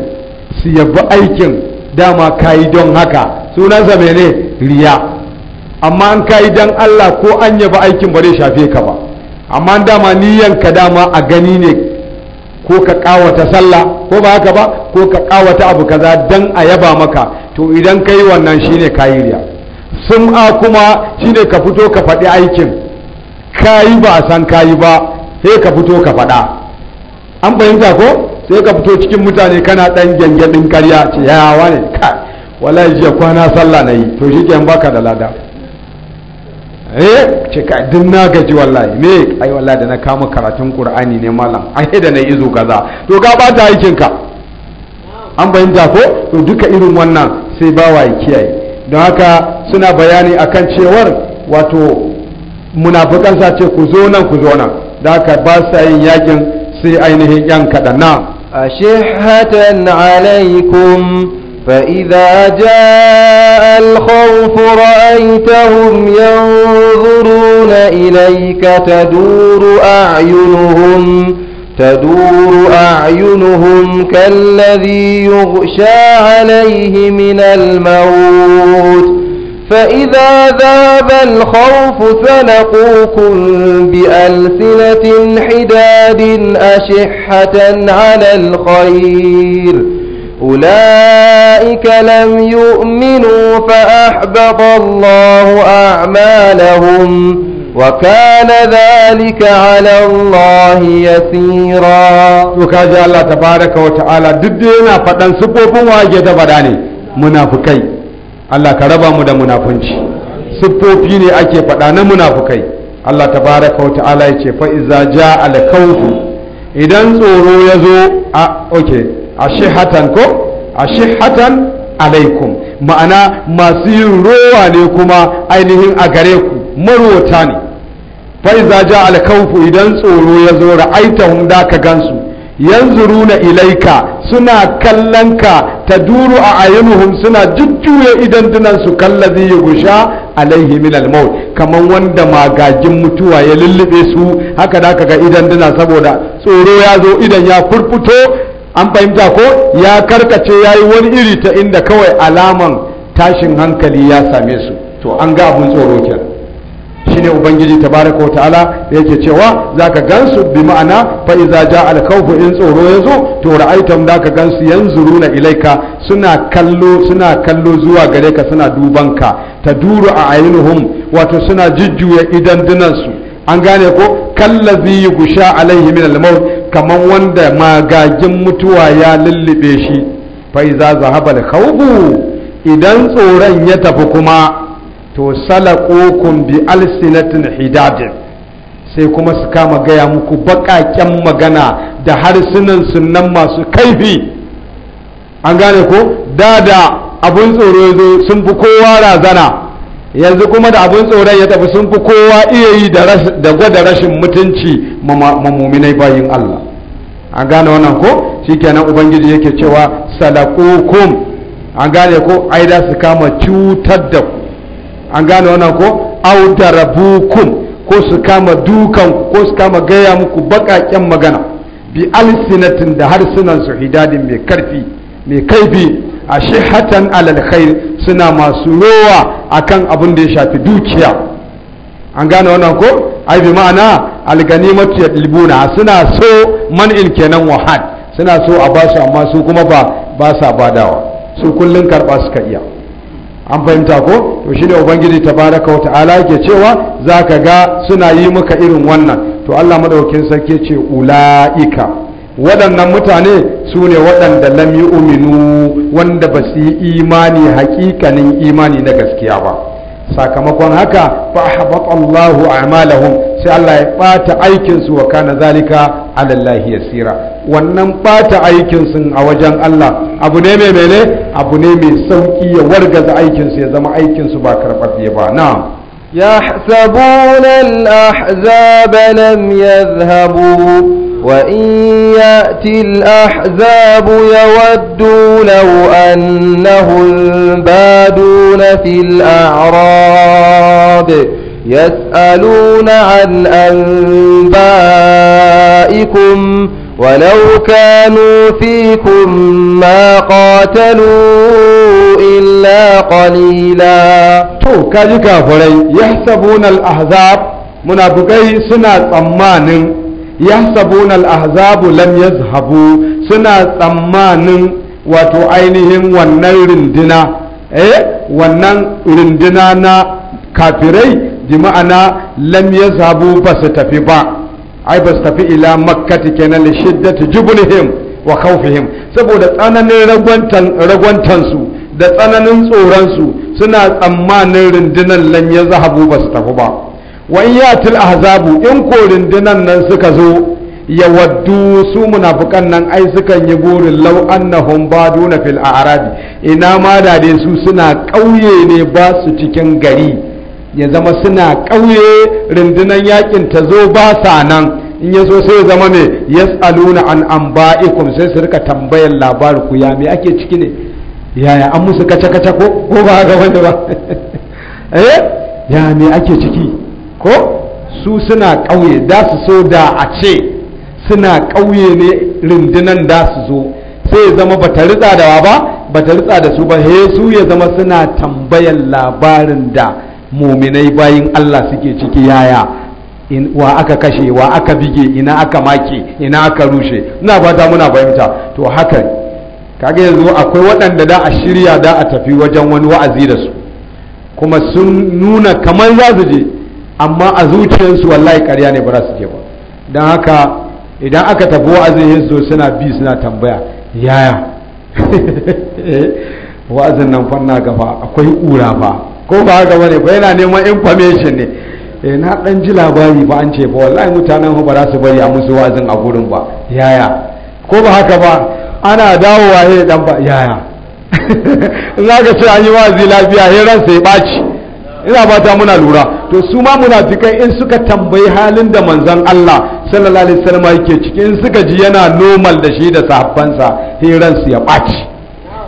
su yabi aikin dama ka yi don haka sunansa mene riya amma an ka yi don allah ko an yabi aikin ba zai shafe ka ba amma dama ka dama a gani ne ko ka kawata sallah ko ba haka ba ko ka kawata abu kaza don a yaba maka to idan ka yi wannan shine ka yi riya a kuma shine ka fito ka faɗi aikin kayi ba a san kayi ba sai ka fito ka faɗa an fahimta ko sai ka fito cikin mutane kana ɗan gyangyaɗin karya ce yawa ne ka wala jiya kwana sallah na yi to shi ke baka da lada eh ce ka din na gaji wallahi me ai wallahi da na kama karatun qur'ani ne malam ai da na izo kaza to ga bata aikin ka an fahimta ko to duka irin wannan sai bawa ya kiyaye don haka suna bayani akan cewar wato munafukan sa ce ku zo nan ku zo nan don haka ba sa yin yakin sai ainihin yan kaɗan na ashihatan alaikum فإذا جاء الخوف رأيتهم ينظرون إليك تدور أعينهم تدور أعينهم كالذي يغشى عليه من الموت فإذا ذاب الخوف فلقوكم بألسنة حداد أشحة على الخير أولئك لم يؤمنوا فأحبط الله أعمالهم وكان ذلك على الله يسيرا وكاجي الله تبارك وتعالى ددنا فدان سبوبن واجه da fada ne munafukai Allah ka raba mu da munafunci siffofi ne ake faɗa na munafukai Allah tabaraka wa ta'ala ya ce fa iza idan tsoro ya zo a okay ashihatan ko ashihatan alaikum ma'ana masu yin rowa ne kuma ainihin a gare ku marota ne fa'iza ja alkawfu idan tsoro ya zo ra'aitahum da ka gansu yanzuruna ilaika suna kallonka ta duru a ayinuhum suna jujjuya idan su kallazi ya gusha alaihi min almaut kaman wanda magagin mutuwa ya lullube su haka da ka ga idan duna saboda tsoro ya zo idan ya furfuto an fahimta ko ya karkace ya yi wani iri ta inda kawai alaman tashin hankali ya same su to an ga abun tsoro kenan shine ubangiji tabaraka ta'ala da yake cewa zaka gansu bi ma'ana fa idza jaa al in tsoro yazo to za zaka gansu yanzuruna ilaika suna kallo suna kallo zuwa gare ka suna duban ka taduru a ayinuhum wato suna jujjuya idan su an gane ko kallazi yugusha alaihi min al maut kaman wanda magagin mutuwa ya lullube shi fa idza zahaba al idan tsoron ya tafi kuma to salakukum bi alsinatin hidadin sai kuma su kama gaya muku baƙaƙen magana da harsunan sunan masu kaifi an gane ko da da abin tsoro zo sun fi kowa razana yanzu kuma da abin tsoron ya tafi sun fi kowa iya yi da gwada rashin mutunci mamuminai bayin Allah an gane wannan ko shikenan ubangiji yake cewa salakukum an gane ko ai da su kama cutar da ku an gane wannan ko au ko su kama dukan ko su kama gaya muku baƙaƙen magana bi alsinatin da harsunan su hidadin mai karfi mai kaifi a shihatan alal suna masu rowa akan abin da ya shafi dukiya an gane wannan ko ai bi ma'ana alganimatu yadlibuna suna so man man'in kenan wahad suna so a basu amma su kuma ba ba sa badawa su kullun karba suka iya an fahimta ko to shine ubangiji tabaraka wa ta'ala ke cewa zaka ga suna yi maka irin wannan to Allah madaukakin sarki ce ulaika waɗannan mutane su ne waɗanda lam yu'minu wanda ba su yi imani hakikanin imani na gaskiya ba sakamakon haka fa ahbata Allahu a'malahum sai Allah ya bata aikin su wa kana zalika ala Allah yasira wannan bata aikin sun a wajen Allah abu ne mai mene abu ne mai sauki ya wargaza aikin su ya zama aikin su ba karbabbe ba na'am يحسبون الأحزاب لم يذهبوا وإن يأتي الأحزاب يودوا لو أنهم بادون في الأعراب يسألون عن أنبائكم ولو كانوا فيكم ما قاتلوا إلا قليلا تو كذلك كافري يحسبون الأحزاب منافقين سنة أمانين yahsabuna al-ahzabu lam yazhabu suna tsammanin wato ainihin wannan rindina eh wannan rindina na kafirai bi ma'ana lam yazhabu ba su tafi ba ai ba su tafi ila makkati kenan li shiddati jublihim wa khawfihim saboda tsananin ragwantan ragwantansu da tsananin tsoronsu suna tsammanin rundunar lam yazhabu ba su tafi ba wani a ahzabu in ko rundunan nan suka zo ya waddu su munafukan nan ai sukan yi burin lau annahum baduna fil a'rabi ina ma da dai su suna ƙauye ne ba su cikin gari ya zama suna ƙauye rundunan yakin ta zo ba sa nan in ya so sai zama me yas'aluna an anba'ikum sai su rika tambayar labarin ku ya me ake ciki ne yaya an musu kace kace ko ko ba ga wanda ba eh ya me ake ciki ko su suna ƙauye da su so da a ce suna ƙauye ne rundunan da su zo sai zama ba ta ritsa da ba ba ta ritsa da su ba he su ya zama suna tambayan labarin da muminai bayin Allah suke ciki yaya wa aka kashe wa aka bige ina aka make ina aka rushe ina fata muna fahimta to haka kaga yanzu akwai waɗanda da a shirya da a tafi wajen wani wa'azi da su kuma sun nuna kamar za su je amma a zuciyarsu wallahi ƙarya ne ba za su je ba don haka idan aka tafi wa'azin su suna bi suna tambaya yaya wa'azin nan fanna gaba akwai ƙura ba ko ba haka ne ba yana neman information ne eh na dan ji labari ba an ce ba wallahi mutanen ba za su bari a musu wa'azin a gurin ba yaya ko ba haka ba ana dawowa he dan ba yaya in ka ce an yi wa'azi lafiya he ran sai ɓaci ina ba ta muna lura to su ma munafikai in suka tambayi halin da manzon Allah sallallahu alaihi wasallam yake cikin suka ji yana normal da shi da sahabbansa hiran su ya ɓaci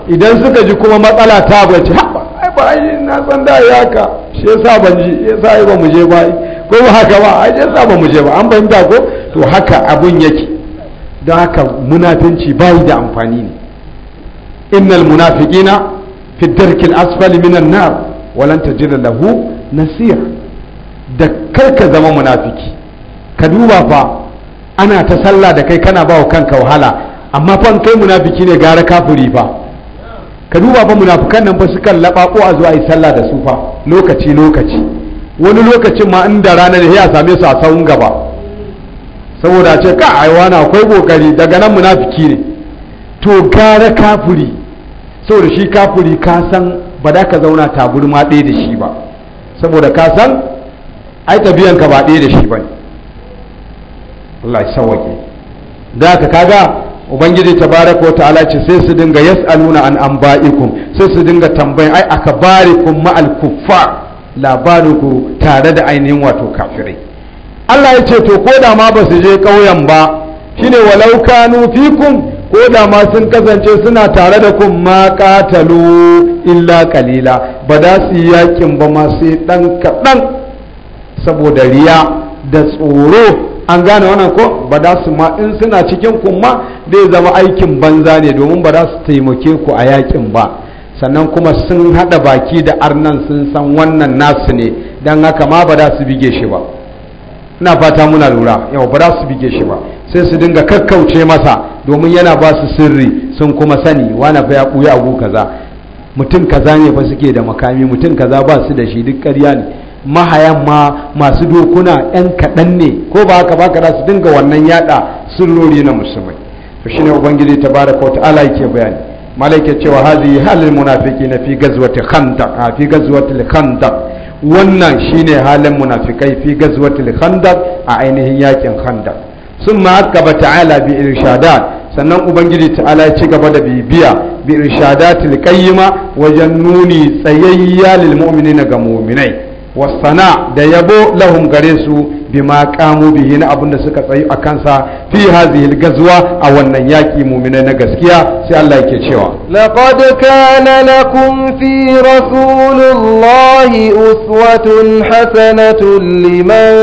idan suka ji kuma matsala ta bace ha ai ba ai na san da yaka shi yasa ban ji yasa ai ba mu je ba ko ba haka ba ai yasa ba mu je ba an fahimta ko to haka abun yake don haka munafinci yi da amfani ne innal munafiqina fi darkil asfali minan nar walan tajida lahu nasir da kai ka zama munafiki ka duba fa ana ta sallah da kai kana ba wa kanka wahala amma fa kai munafiki ne gara kafiri fa ka duba fa munafikan nan fa sukan ko a zuwa yi sallah da su fa lokaci lokaci wani lokacin ma inda rana ne ya same su a tsawon gaba saboda ce ka aiwana akwai kokari daga nan munafiki ne to gara kafiri saboda shi kafiri ka san ba da ka zauna taburma ɗaya da shi ba saboda ka san ai ka ba ɗaya da shi ba Allah ya sawwake da ka kaga ubangiji tabaraka ta'ala ce sai su dinga yas'aluna an anba'ikum sai su dinga tambayan ai akabarikum ma'al kuffar labarinku tare da ainihin wato kafirai Allah ya ce to ko da ma ba su je ƙauyen ba shine walau kanu fikum ko da ma sun kasance suna tare da kun ma katalu illa kalila ba da su yi yakin ba ma sai dan kaɗan saboda riya da tsoro an gane wannan ko ba da su ma in suna cikin kun ma zai zama aikin banza ne domin ba za su taimake ku a yakin ba sannan kuma sun hada baki da arnan sun san wannan nasu ne don haka ma ba da su bige shi ba ina fata muna lura yau ba za su bige shi ba sai su dinga kakkauce masa domin yana ba su sirri sun kuma sani wani fa ya ɓuya abu kaza mutum kaza ne fa suke da makami mutum kaza ba su da shi duk ƙarya ne mahayan ma masu dokuna 'yan kaɗan ne ko ba haka ba kaɗa su dinga wannan yada sirrori na musulmai to shine ubangiji tabaraka ta'ala yake bayani malaikai cewa hadhihi halil munafiqina fi ghazwati khandaq fi ghazwati khandaq wannan shine halin munafikai fi gazwatil khandaq a ainihin yakin khandaq summa akaba ta'ala bi irshadat sannan ubangiji ta'ala ci gaba da bibiya bi irshadatil qayyima wajen nuni tsayayya lil mu'minina ga mu'minai wasana da yabo lahum gare su bima kamu bihi na abinda suka tsayi a kansa fi hadhihi gazuwa a wannan yaki mu'mina na gaskiya sai Allah yake cewa laqad kana lakum fi rasulillahi uswatun hasanatun liman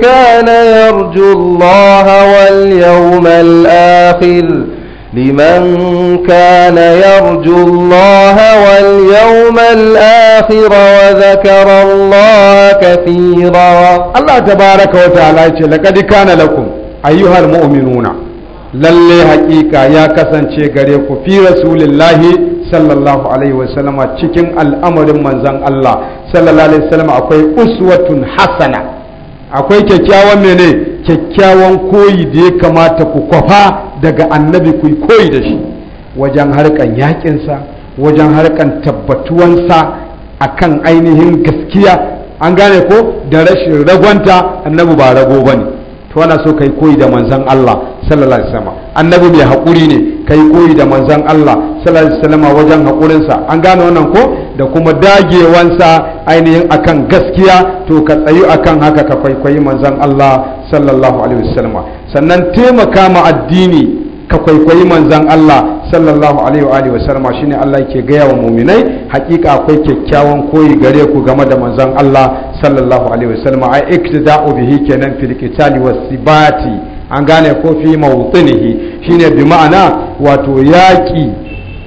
kana yarju Allah wal yawmal akhir لمن كان يرجو الله واليوم الآخر وذكر الله كثيرا الله تبارك وتعالى لقد كان لكم أيها المؤمنون lalle hakika ya kasance gare ku fi rasulillahi sallallahu alaihi wasallama cikin al'amarin manzan Allah sallallahu alaihi wasallama akwai uswatun Hassana, akwai kyakkyawan mene kyakkyawan koyi da ya kamata ku kwafa daga annabi ku koyi da shi wajen harkan yakinsa wajen harkan tabbatuwansa kan ainihin gaskiya an gane ko da rashin ragwanta annabi ba rago ba ne to ana so kai koyi da manzan Allah sallallahu alaihi wasallam annabi mai haƙuri ne kai koyi da manzan Allah sallallahu alaihi wasallam wajen hakurinsa an gane wannan ko da kuma dagewansa ainihin akan gaskiya to ka tsayu akan haka ka kwaikwayi manzon Allah sallallahu alaihi wasallam sannan taimaka ma addini ka kwaikwayi manzon Allah sallallahu alaihi wa sallama shine Allah yake gaya wa mu'minai hakika akwai kyakkyawan koyi gare ku game da manzon Allah sallallahu alaihi wasallam ai iktida'u bihi kenan fil qitali was an gane ko fi mawtinihi shine bi ma'ana wato yaki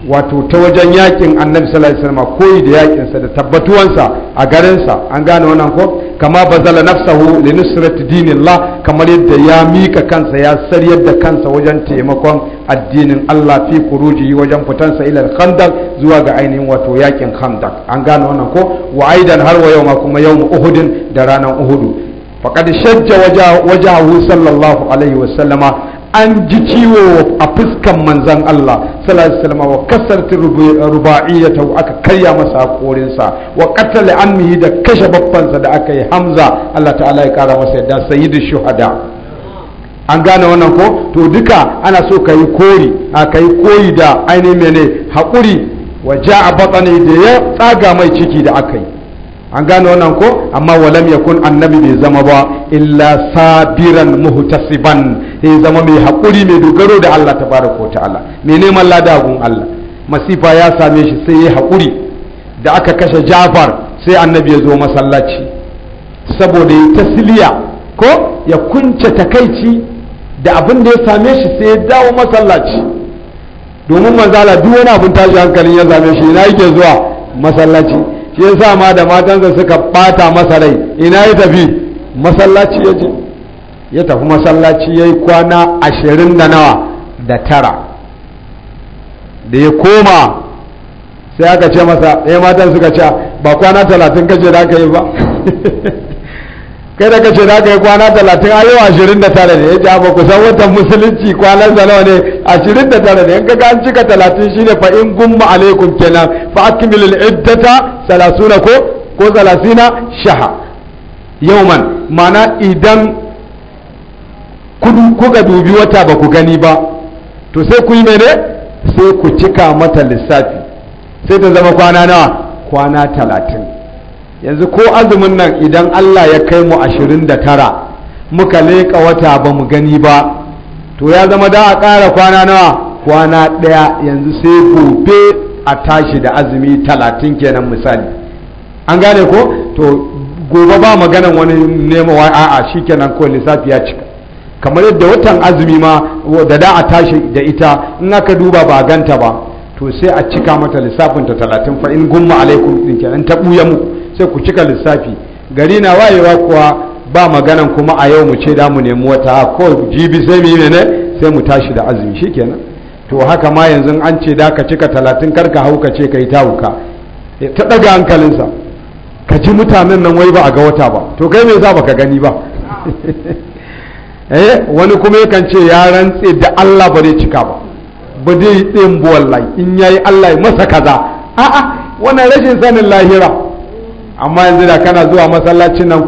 wato ta wajen yakin annabi sallallahu alaihi wasallam koyi da yakin sa da tabbatuwansa a garin sa an gane wannan ko kama bazala nafsahu li nusrati dinillah kamar yadda ya mika kansa ya saryar da kansa wajen taimakon addinin Allah fi kuruji wajen fitansa ila khandaq zuwa ga ainihin wato yakin khandaq an gane wannan ko wa aidan har wa yau ma kuma yawm uhudin da ranar uhudu faqad shajja wajahu sallallahu alaihi wasallama an ji ciwo a fuskan manzan Allah sallallahu alaihi wasallam wa kasarti rubaiyata aka karya masa hakorinsa wa qatala ammihi da kashe sa da aka yi Hamza Allah ta'ala ya kara masa yadda sayyidu shuhada an gane wannan ko to duka ana so ka kori a kai koyi da ainihin mene haƙuri wa ja'a batsani da ya tsaga mai ciki da aka yi an gane wannan ko amma walam yakun annabi bai zama ba illa sabiran muhtasiban sai zama mai hakuri mai dogaro da Allah tabaraka ta'ala mai neman ladagun Allah masifa ya same shi sai ya hakuri da aka kashe Jafar sai annabi ya zo masallaci saboda ya tasliya ko ya kunce takaici da abin da ya same shi sai ya dawo masallaci domin manzala duk wani abin tashi hankalin ya same shi na yake zuwa masallaci shi yasa ma da matansa suka bata masa rai ina ya tafi masallaci ya je ya tafi masallaci ya yi kwana ashirin da nawa da tara da ya koma sai aka ce masa ɗaya eh, matan suka ce ba kwana talatin kace da aka yi ba kai da kace za ka yi kwana talatin a yau ashirin da tara ne ya ba ku san watan musulunci kwanan da nawa ne ashirin da tara ne in ka an cika talatin ne fa in gumma alaikum kenan fa akmilul iddata salasuna ko ko salasina shaha yauman mana idan kuka dubi wata ba ku gani ba to sai ku yi mene sai ku cika mata lissafi sai ta zama kwana nawa kwana talatin yanzu ko azumin nan idan Allah ya kai mu ashirin da tara muka leƙa wata ba mu gani ba to ya zama da a ƙara kwana nawa kwana ɗaya yanzu sai gobe a tashi da azumi talatin kenan misali an gane ko to gobe ba maganan wani nema wa a'a shi kenan ko lissafi ya cika kamar yadda watan azumi ma da da a tashi da ita in aka duba ba ganta ba to sai a cika mata lissafinta talatin fa in gumma alaikum din kenan ta buya muku sai ku cika lissafi gari na wayewa kuwa ba maganan kuma a yau mu ce da mu nemi wata ko jibi sai mu yi ne sai mu tashi da azumi shikenan to haka ma yanzu an ce da ka cika talatin kar ka hau ka ce ka yi tawuka ta ɗaga hankalinsa ka ji mutanen nan wai ba a ga wata ba to kai me za ba ka gani ba eh wani kuma yakan ce ya rantse da Allah ba zai cika ba ba zai yi ɗin wallahi in yayi Allah masa kaza a'a wannan rashin sanin lahira amma yanzu da kana zuwa masallacin nan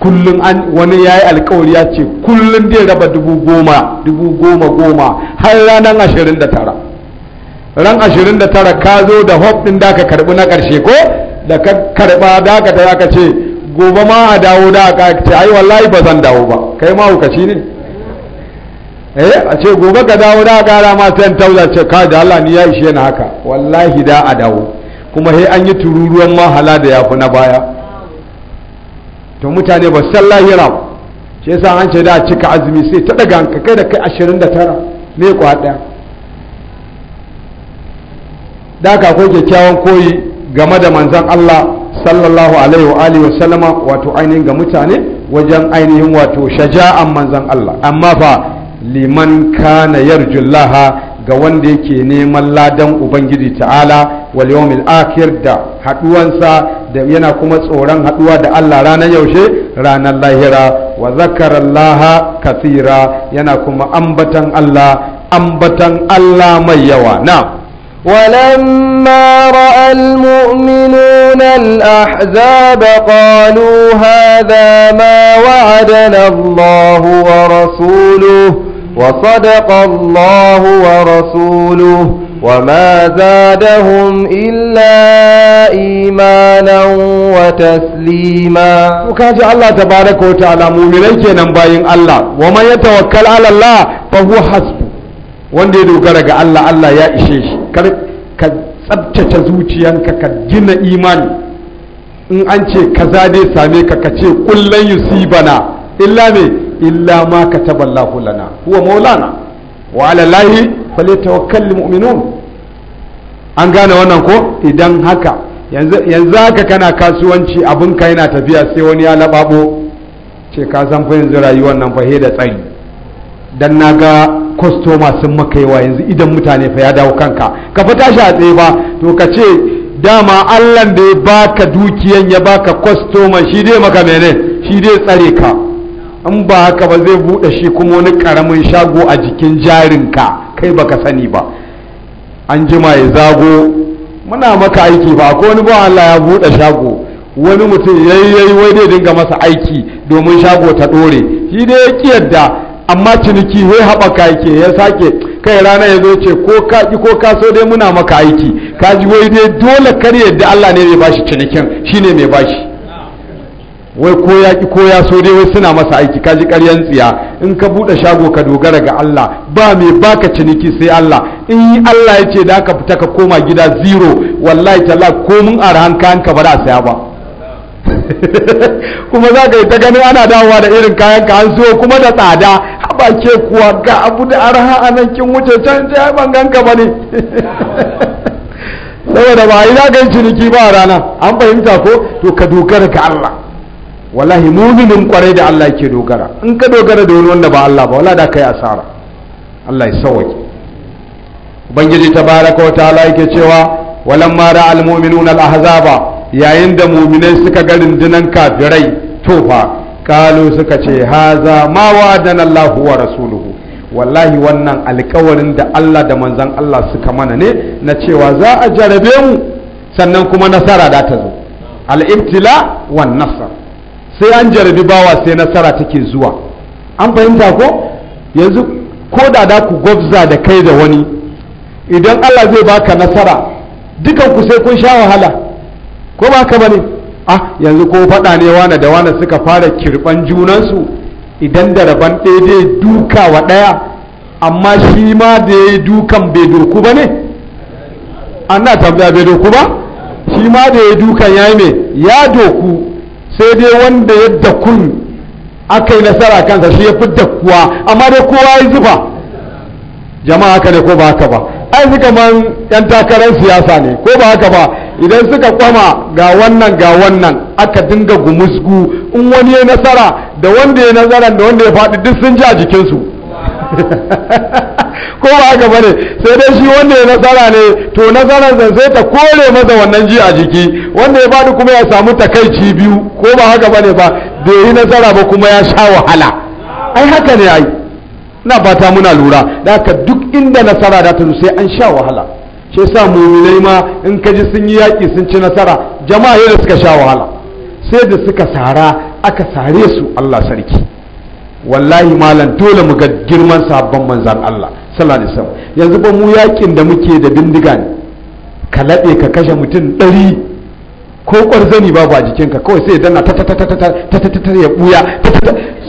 kullum an wani ya yi alkawari ya ce kullum zai raba dubu goma dubu goma goma har ranar ashirin da tara ran ashirin da tara ka zo da hop ɗin da ka karɓi na ƙarshe ko da ka karɓa da ka ta ka ce gobe ma a dawo da ka ce ai wallahi ba zan dawo ba kai ma hukaci ne eh a ce gobe ka dawo da ka ma ma 10,000 ce ka da Allah ni ya ishe na haka wallahi da a dawo kuma sai an yi tururuwan mahala da yafi na baya to mutane ba san lahira sai sa an ce da cika azumi sai ta daga ka kai da kai 29 ne kwa daya da ka akwai kyakkyawan koyi game da manzon Allah sallallahu alaihi wa alihi wa sallama wato ainihin ga mutane wajen ainihin wato shaja'an manzon Allah amma fa liman kana yarjullaha ga wanda yake neman ladan ubangiji ta'ala wal yawmil akhir da haduwansa da yana kuma tsoron haduwa da Allah ranar yaushe ranar lahira wa zakarallaha kathira yana kuma ambatan Allah ambatan Allah mai yawa na ولما رأى المؤمنون الأحزاب قالوا هذا ما وعدنا الله ورسوله وصدق الله ورسوله وما زادهم إلا إيمانا وتسليما وكاج الله تبارك وتعالى مؤمنين كنن باين الله ومن يتوكل على الله فهو حسبه wanda ya dogara ga Allah Allah ya ishe shi kar ka tsabtace zuciyanka ka gina imani in an ce kaza dai same ka ka ce kullun yusibana illa me illa ma kataballahu lana huwa maulana wa ala lahi falyatawakkalul mu'minun an gane wannan ko idan haka yanzu haka kana kasuwanci abun ka yana tafiya sai wani ya lababo ce ka san fa yanzu rayuwar nan fa da tsari na ga kwastoma sun maka yawa yanzu idan mutane fa ya dawo kanka ka fi tashi a tsaye ba to ka ce dama allan da ya baka dukiyan ya baka kwastoma shi dai maka mene shi dai tsare ka in ba haka ba zai buɗe shi kuma wani ƙaramin shago a jikin jarinka kai baka sani ba an jima ya zago muna maka aiki ba ko wani ba Allah ya buɗe shago wani mutum yayi wai dai dinga masa aiki domin shago ta ɗore shi dai ya yadda amma ciniki wai haɓaka yake ya sake kai rana ya zo ce ko ka ki ko ka so dai muna maka aiki kaji ji wai dai dole kar yadda Allah ne mai bashi cinikin shine mai bashi wai ko ya ki ko ya so dai wai suna masa aiki ka ji ƙaryan tsiya in ka buɗe shago ka dogara ga Allah ba mai baka ciniki sai Allah in Allah ya ce da ka fita ka koma gida zero wallahi talla ko mun arahan kayan ka ba da saya ba kuma za ka yi ta gani ana dawowa da irin kayan ka an zo kuma da tsada haba ke kuwa ga abu da araha a nan kin wuce can sai ban ganka ba ne saboda ba yi za ka ciniki ba a rana an fahimta ko to ka dogara ga Allah wallahi muminin kwarai da Allah ke dogara in ka dogara da wani wanda ba Allah ba wala da kai asara Allah ya sauke ubangiji tabaraka wa ta'ala yake cewa ma ra'al mu'minuna al-ahzaba yayin da mu'minai suka ga rundunan kafirai to fa kalu suka ce haza ma wa'adana Allahu wa rasuluhu wallahi wannan alƙawarin da Allah da manzan Allah suka mana ne na cewa za a jarabe mu sannan kuma nasara da ta zo al-ibtila wan nasr sai an jarabi bawa sai nasara take zuwa an fahimta ko yanzu ko da da ku gwabza da kai da wani idan Allah zai baka nasara dukan ku sai kun sha wahala ko ba ka bane ah yanzu ko faɗa ne wane da wane suka fara kirban junansu idan da raban ɗaya dai duka wa ɗaya amma shi ma da ya yi dukan bai doku ba ne an na tambaya bai doku ba shi ma da ya yi dukan ya yi me ya doku sai dai wanda ya dakun aka yi nasara kansa shi ya fi dakuwa amma dai kowa ya zuba jama'a haka ne ko ba haka ba ai suka man yan takarar siyasa ne ko ba haka ba idan suka kwama ga wannan ga wannan aka dinga gumusgu in wani ya nasara da wanda ya nasara da wanda ya faɗi duk sun ji a jikinsu ko ba haka bane sai dai shi wanda ya nasara ne to nasarar zan sai ta kore masa wannan ji a jiki wanda ya bani kuma ya samu takaici biyu ko ba haka bane ba bai yi nasara ba kuma ya sha wahala ai haka ne ai na fata muna lura da haka duk inda nasara da ta sai an sha wahala shi sa mu'minai ma in ka ji sun yi yaƙi sun ci nasara jama'a yadda suka sha wahala sai da suka sara aka sare su Allah sarki wallahi malam dole mu ga girman sabon manzan Allah sallallahu alaihi wasallam yanzu ba mu yakin da muke da bindiga ne ka laɓe ka kashe mutum ɗari ko ƙwarzani babu a jikinka kawai sai danna ta ta ta ta ta ta ta ya buya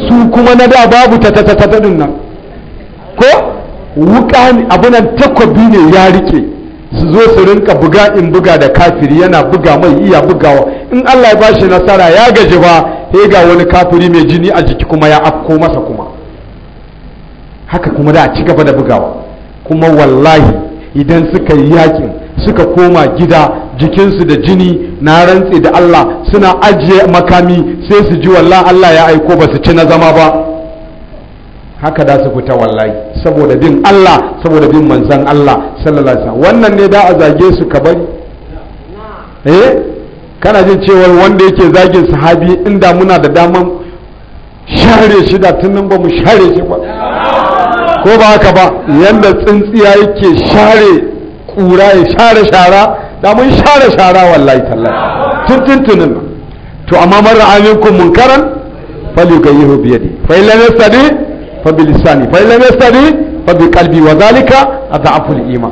su kuma na da babu ta ta ta ta din nan ko wuka nan takwabi ne ya rike su zo su rinka buga in buga da kafiri yana buga mai iya bugawa in Allah ya bashi nasara ya gaji ba sai ga wani kafiri mai jini a jiki kuma ya afko masa kuma haka kuma da a ci gaba da bugawa kuma wallahi idan suka yi yakin suka koma gida jikinsu da jini na rantse da Allah suna ajiye makami sai su ji wallah Allah ya aiko ba su ci na zama ba haka da su fita wallahi saboda bin Allah saboda bin manzan Allah sallallahu alaihi wannan ne da a zage su ka bari eh kana jin cewa wanda yake zagin sahabi inda muna da daman share shi da tunan ba mu share shi ba ko ba haka ba yadda tsintsiya yake share kura ya share shara da mun share shara wallahi tallahi tuntuntunin to amma marar aminkum munkaran falyughayyihu bi yadi fa illam yastadi fa bi lisani fa illam yastadi fa bi kalbi wa zalika adhafu al ima.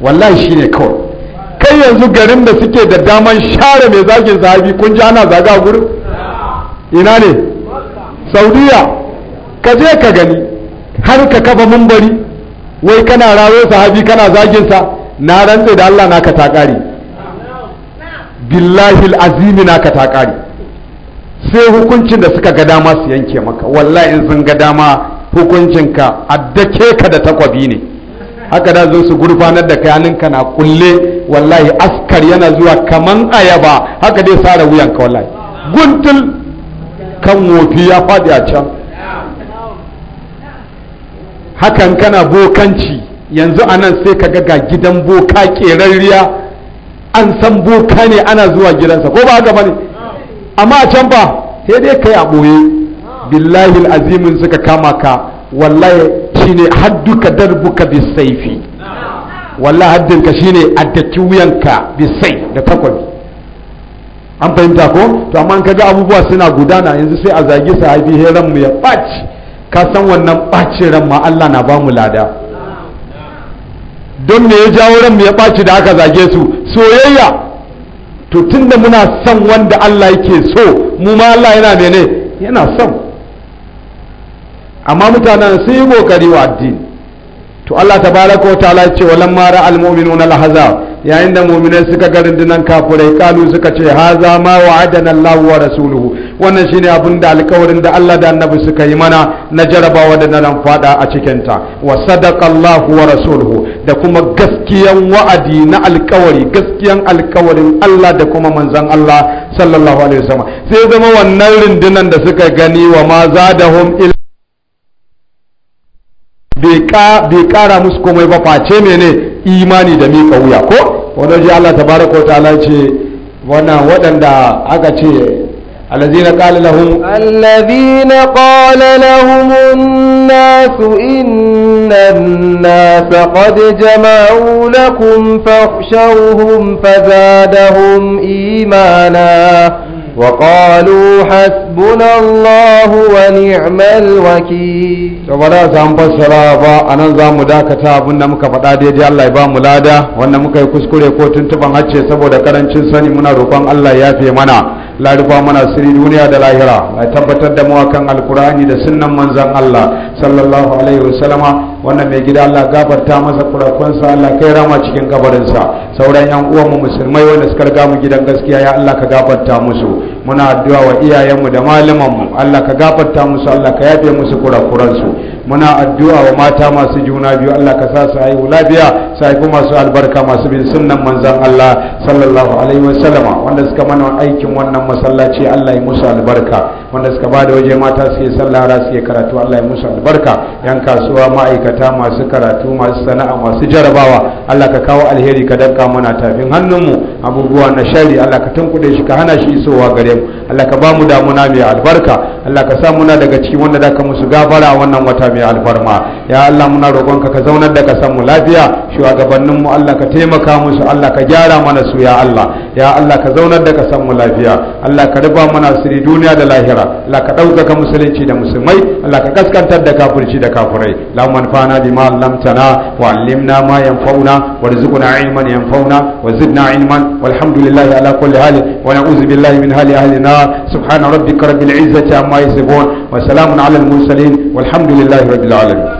wallahi shi ne kawai kai yanzu garin da suke da daman share mai zagin zahabi kun ji ana zaga gurin ina ne saudiya ka je ka gani har ka kafa mumbari wai kana rawo sahabi kana zagin sa na rantse da allah naka ta kare billahi azimi naka ta kare sai hukuncin da suka ga dama su yanke maka wallahi in sun ga dama hukuncin ka addake ka da takwabi ne haka da zo su gurfanar da kayaninka na kulle wallahi askar yana zuwa kaman ayaba haka dai sara wuyanka wallahi guntul kan wofi ya faɗi a can hakan kana bokanci yanzu a nan sai ka ga gidan boka ƙerarriya an san boka ne ana zuwa gidansa ko ba haka ba ne amma a can ba sai dai kai a ɓoye billahi azimin suka kama ka wallahi shine hadduka darbuka bisaifi wallahi haddinka shine addaki wuyanka bisai da takwabi an fahimta ko to amma ka ga abubuwa suna gudana yanzu sai a zage zagi haifi heran mu ya ɓaci ka san wannan ɓacin ran ma Allah na ba mu lada don me ya jawo ran mu ya ɓaci da aka zage su soyayya to tunda muna son wanda Allah yake so mu ma Allah yana mene yana son amma mutanen sun yi kokari wa addini to Allah tabaraka wa ta'ala ce walamma ra'al mu'minuna al-hazab yayin da mu'minai suka ga rundunan kafirai kalu suka ce haza ma wa'adana Allah wa rasuluhu wannan shine abin da alƙawarin da Allah da Annabi suka yi mana na jarabawa da nan fada a cikin ta wa sadaqa Allah wa rasuluhu da kuma gaskiyan wa'adi na alƙawari gaskiyan alƙawarin Allah da kuma manzon Allah sallallahu alaihi wasallam sai zama wannan rundunan da suka gani wa ma zadahum illa bai kara musu komai ba face mene imani da mika wuya ko wani ji Allah tabaraka wa ta'ala ce wannan waɗanda aka ce الذين قال لهم الذين قال لهم الناس إن الناس قد جمعوا لكم فاخشوهم فزادهم إيمانا وقالوا حسبنا الله ونعم الوكيل saboda za fassara ba anan nan za mu dakata abin da muka faɗa daidai Allah ya ba mu lada wanda muka yi kuskure ko tuntuban hacce saboda karancin sani muna roƙon Allah ya fiye mana larufa mana siri duniya da lahira mai tabbatar da mu akan alkur'ani da sunnan manzon Allah sallallahu alaihi wasallama wannan mai gida Allah gafarta masa kurakunsa Allah kai rama cikin kabarinsa sauran yan mu musulmai wanda suka riga mu gidan gaskiya ya Allah ka gafarta musu muna addu'a wa iyayen mu da malaman mu Allah ka gafarta musu Allah ka yafe musu kurakuransu muna addu'a wa mata masu juna biyu Allah ka sa su haihu lafiya su haifi masu albarka masu bin sunnan manzon Allah sallallahu alaihi wasallama wanda suka mana aikin wannan masallaci Allah ya musu albarka wanda suka ba da waje mata suke sallah ra suke karatu Allah ya musu albarka yan kasuwa ma'aikata masu karatu masu sana'a masu jarabawa Allah ka kawo alheri ka danka mana tafin hannunmu abubuwa na shari Allah ka tunkuɗe shi ka hana shi isowa gare mu Allah ka ba mu damuna mai albarka Allah ka sa muna daga cikin wanda da ka musu gafara a wannan wata mai alfarma ya Allah muna roƙonka ka zaunar da san mu lafiya shugabannin mu Allah ka taimaka musu Allah ka gyara mana su ya Allah ya Allah ka zaunar da san mu lafiya Allah ka rufa mana asiri duniya da lahira Allah ka ɗaukaka musulunci da musulmai Allah ka kaskantar da kafirci da kafirai la fana bima allamtana wa allimna ma yanfa'una warzuqna ilman yanfa'una wa zidna ilman والحمد لله على كل حال ونعوذ بالله من حال أهل النار سبحان ربك رب العزة عما يصفون وسلام على المرسلين والحمد لله رب العالمين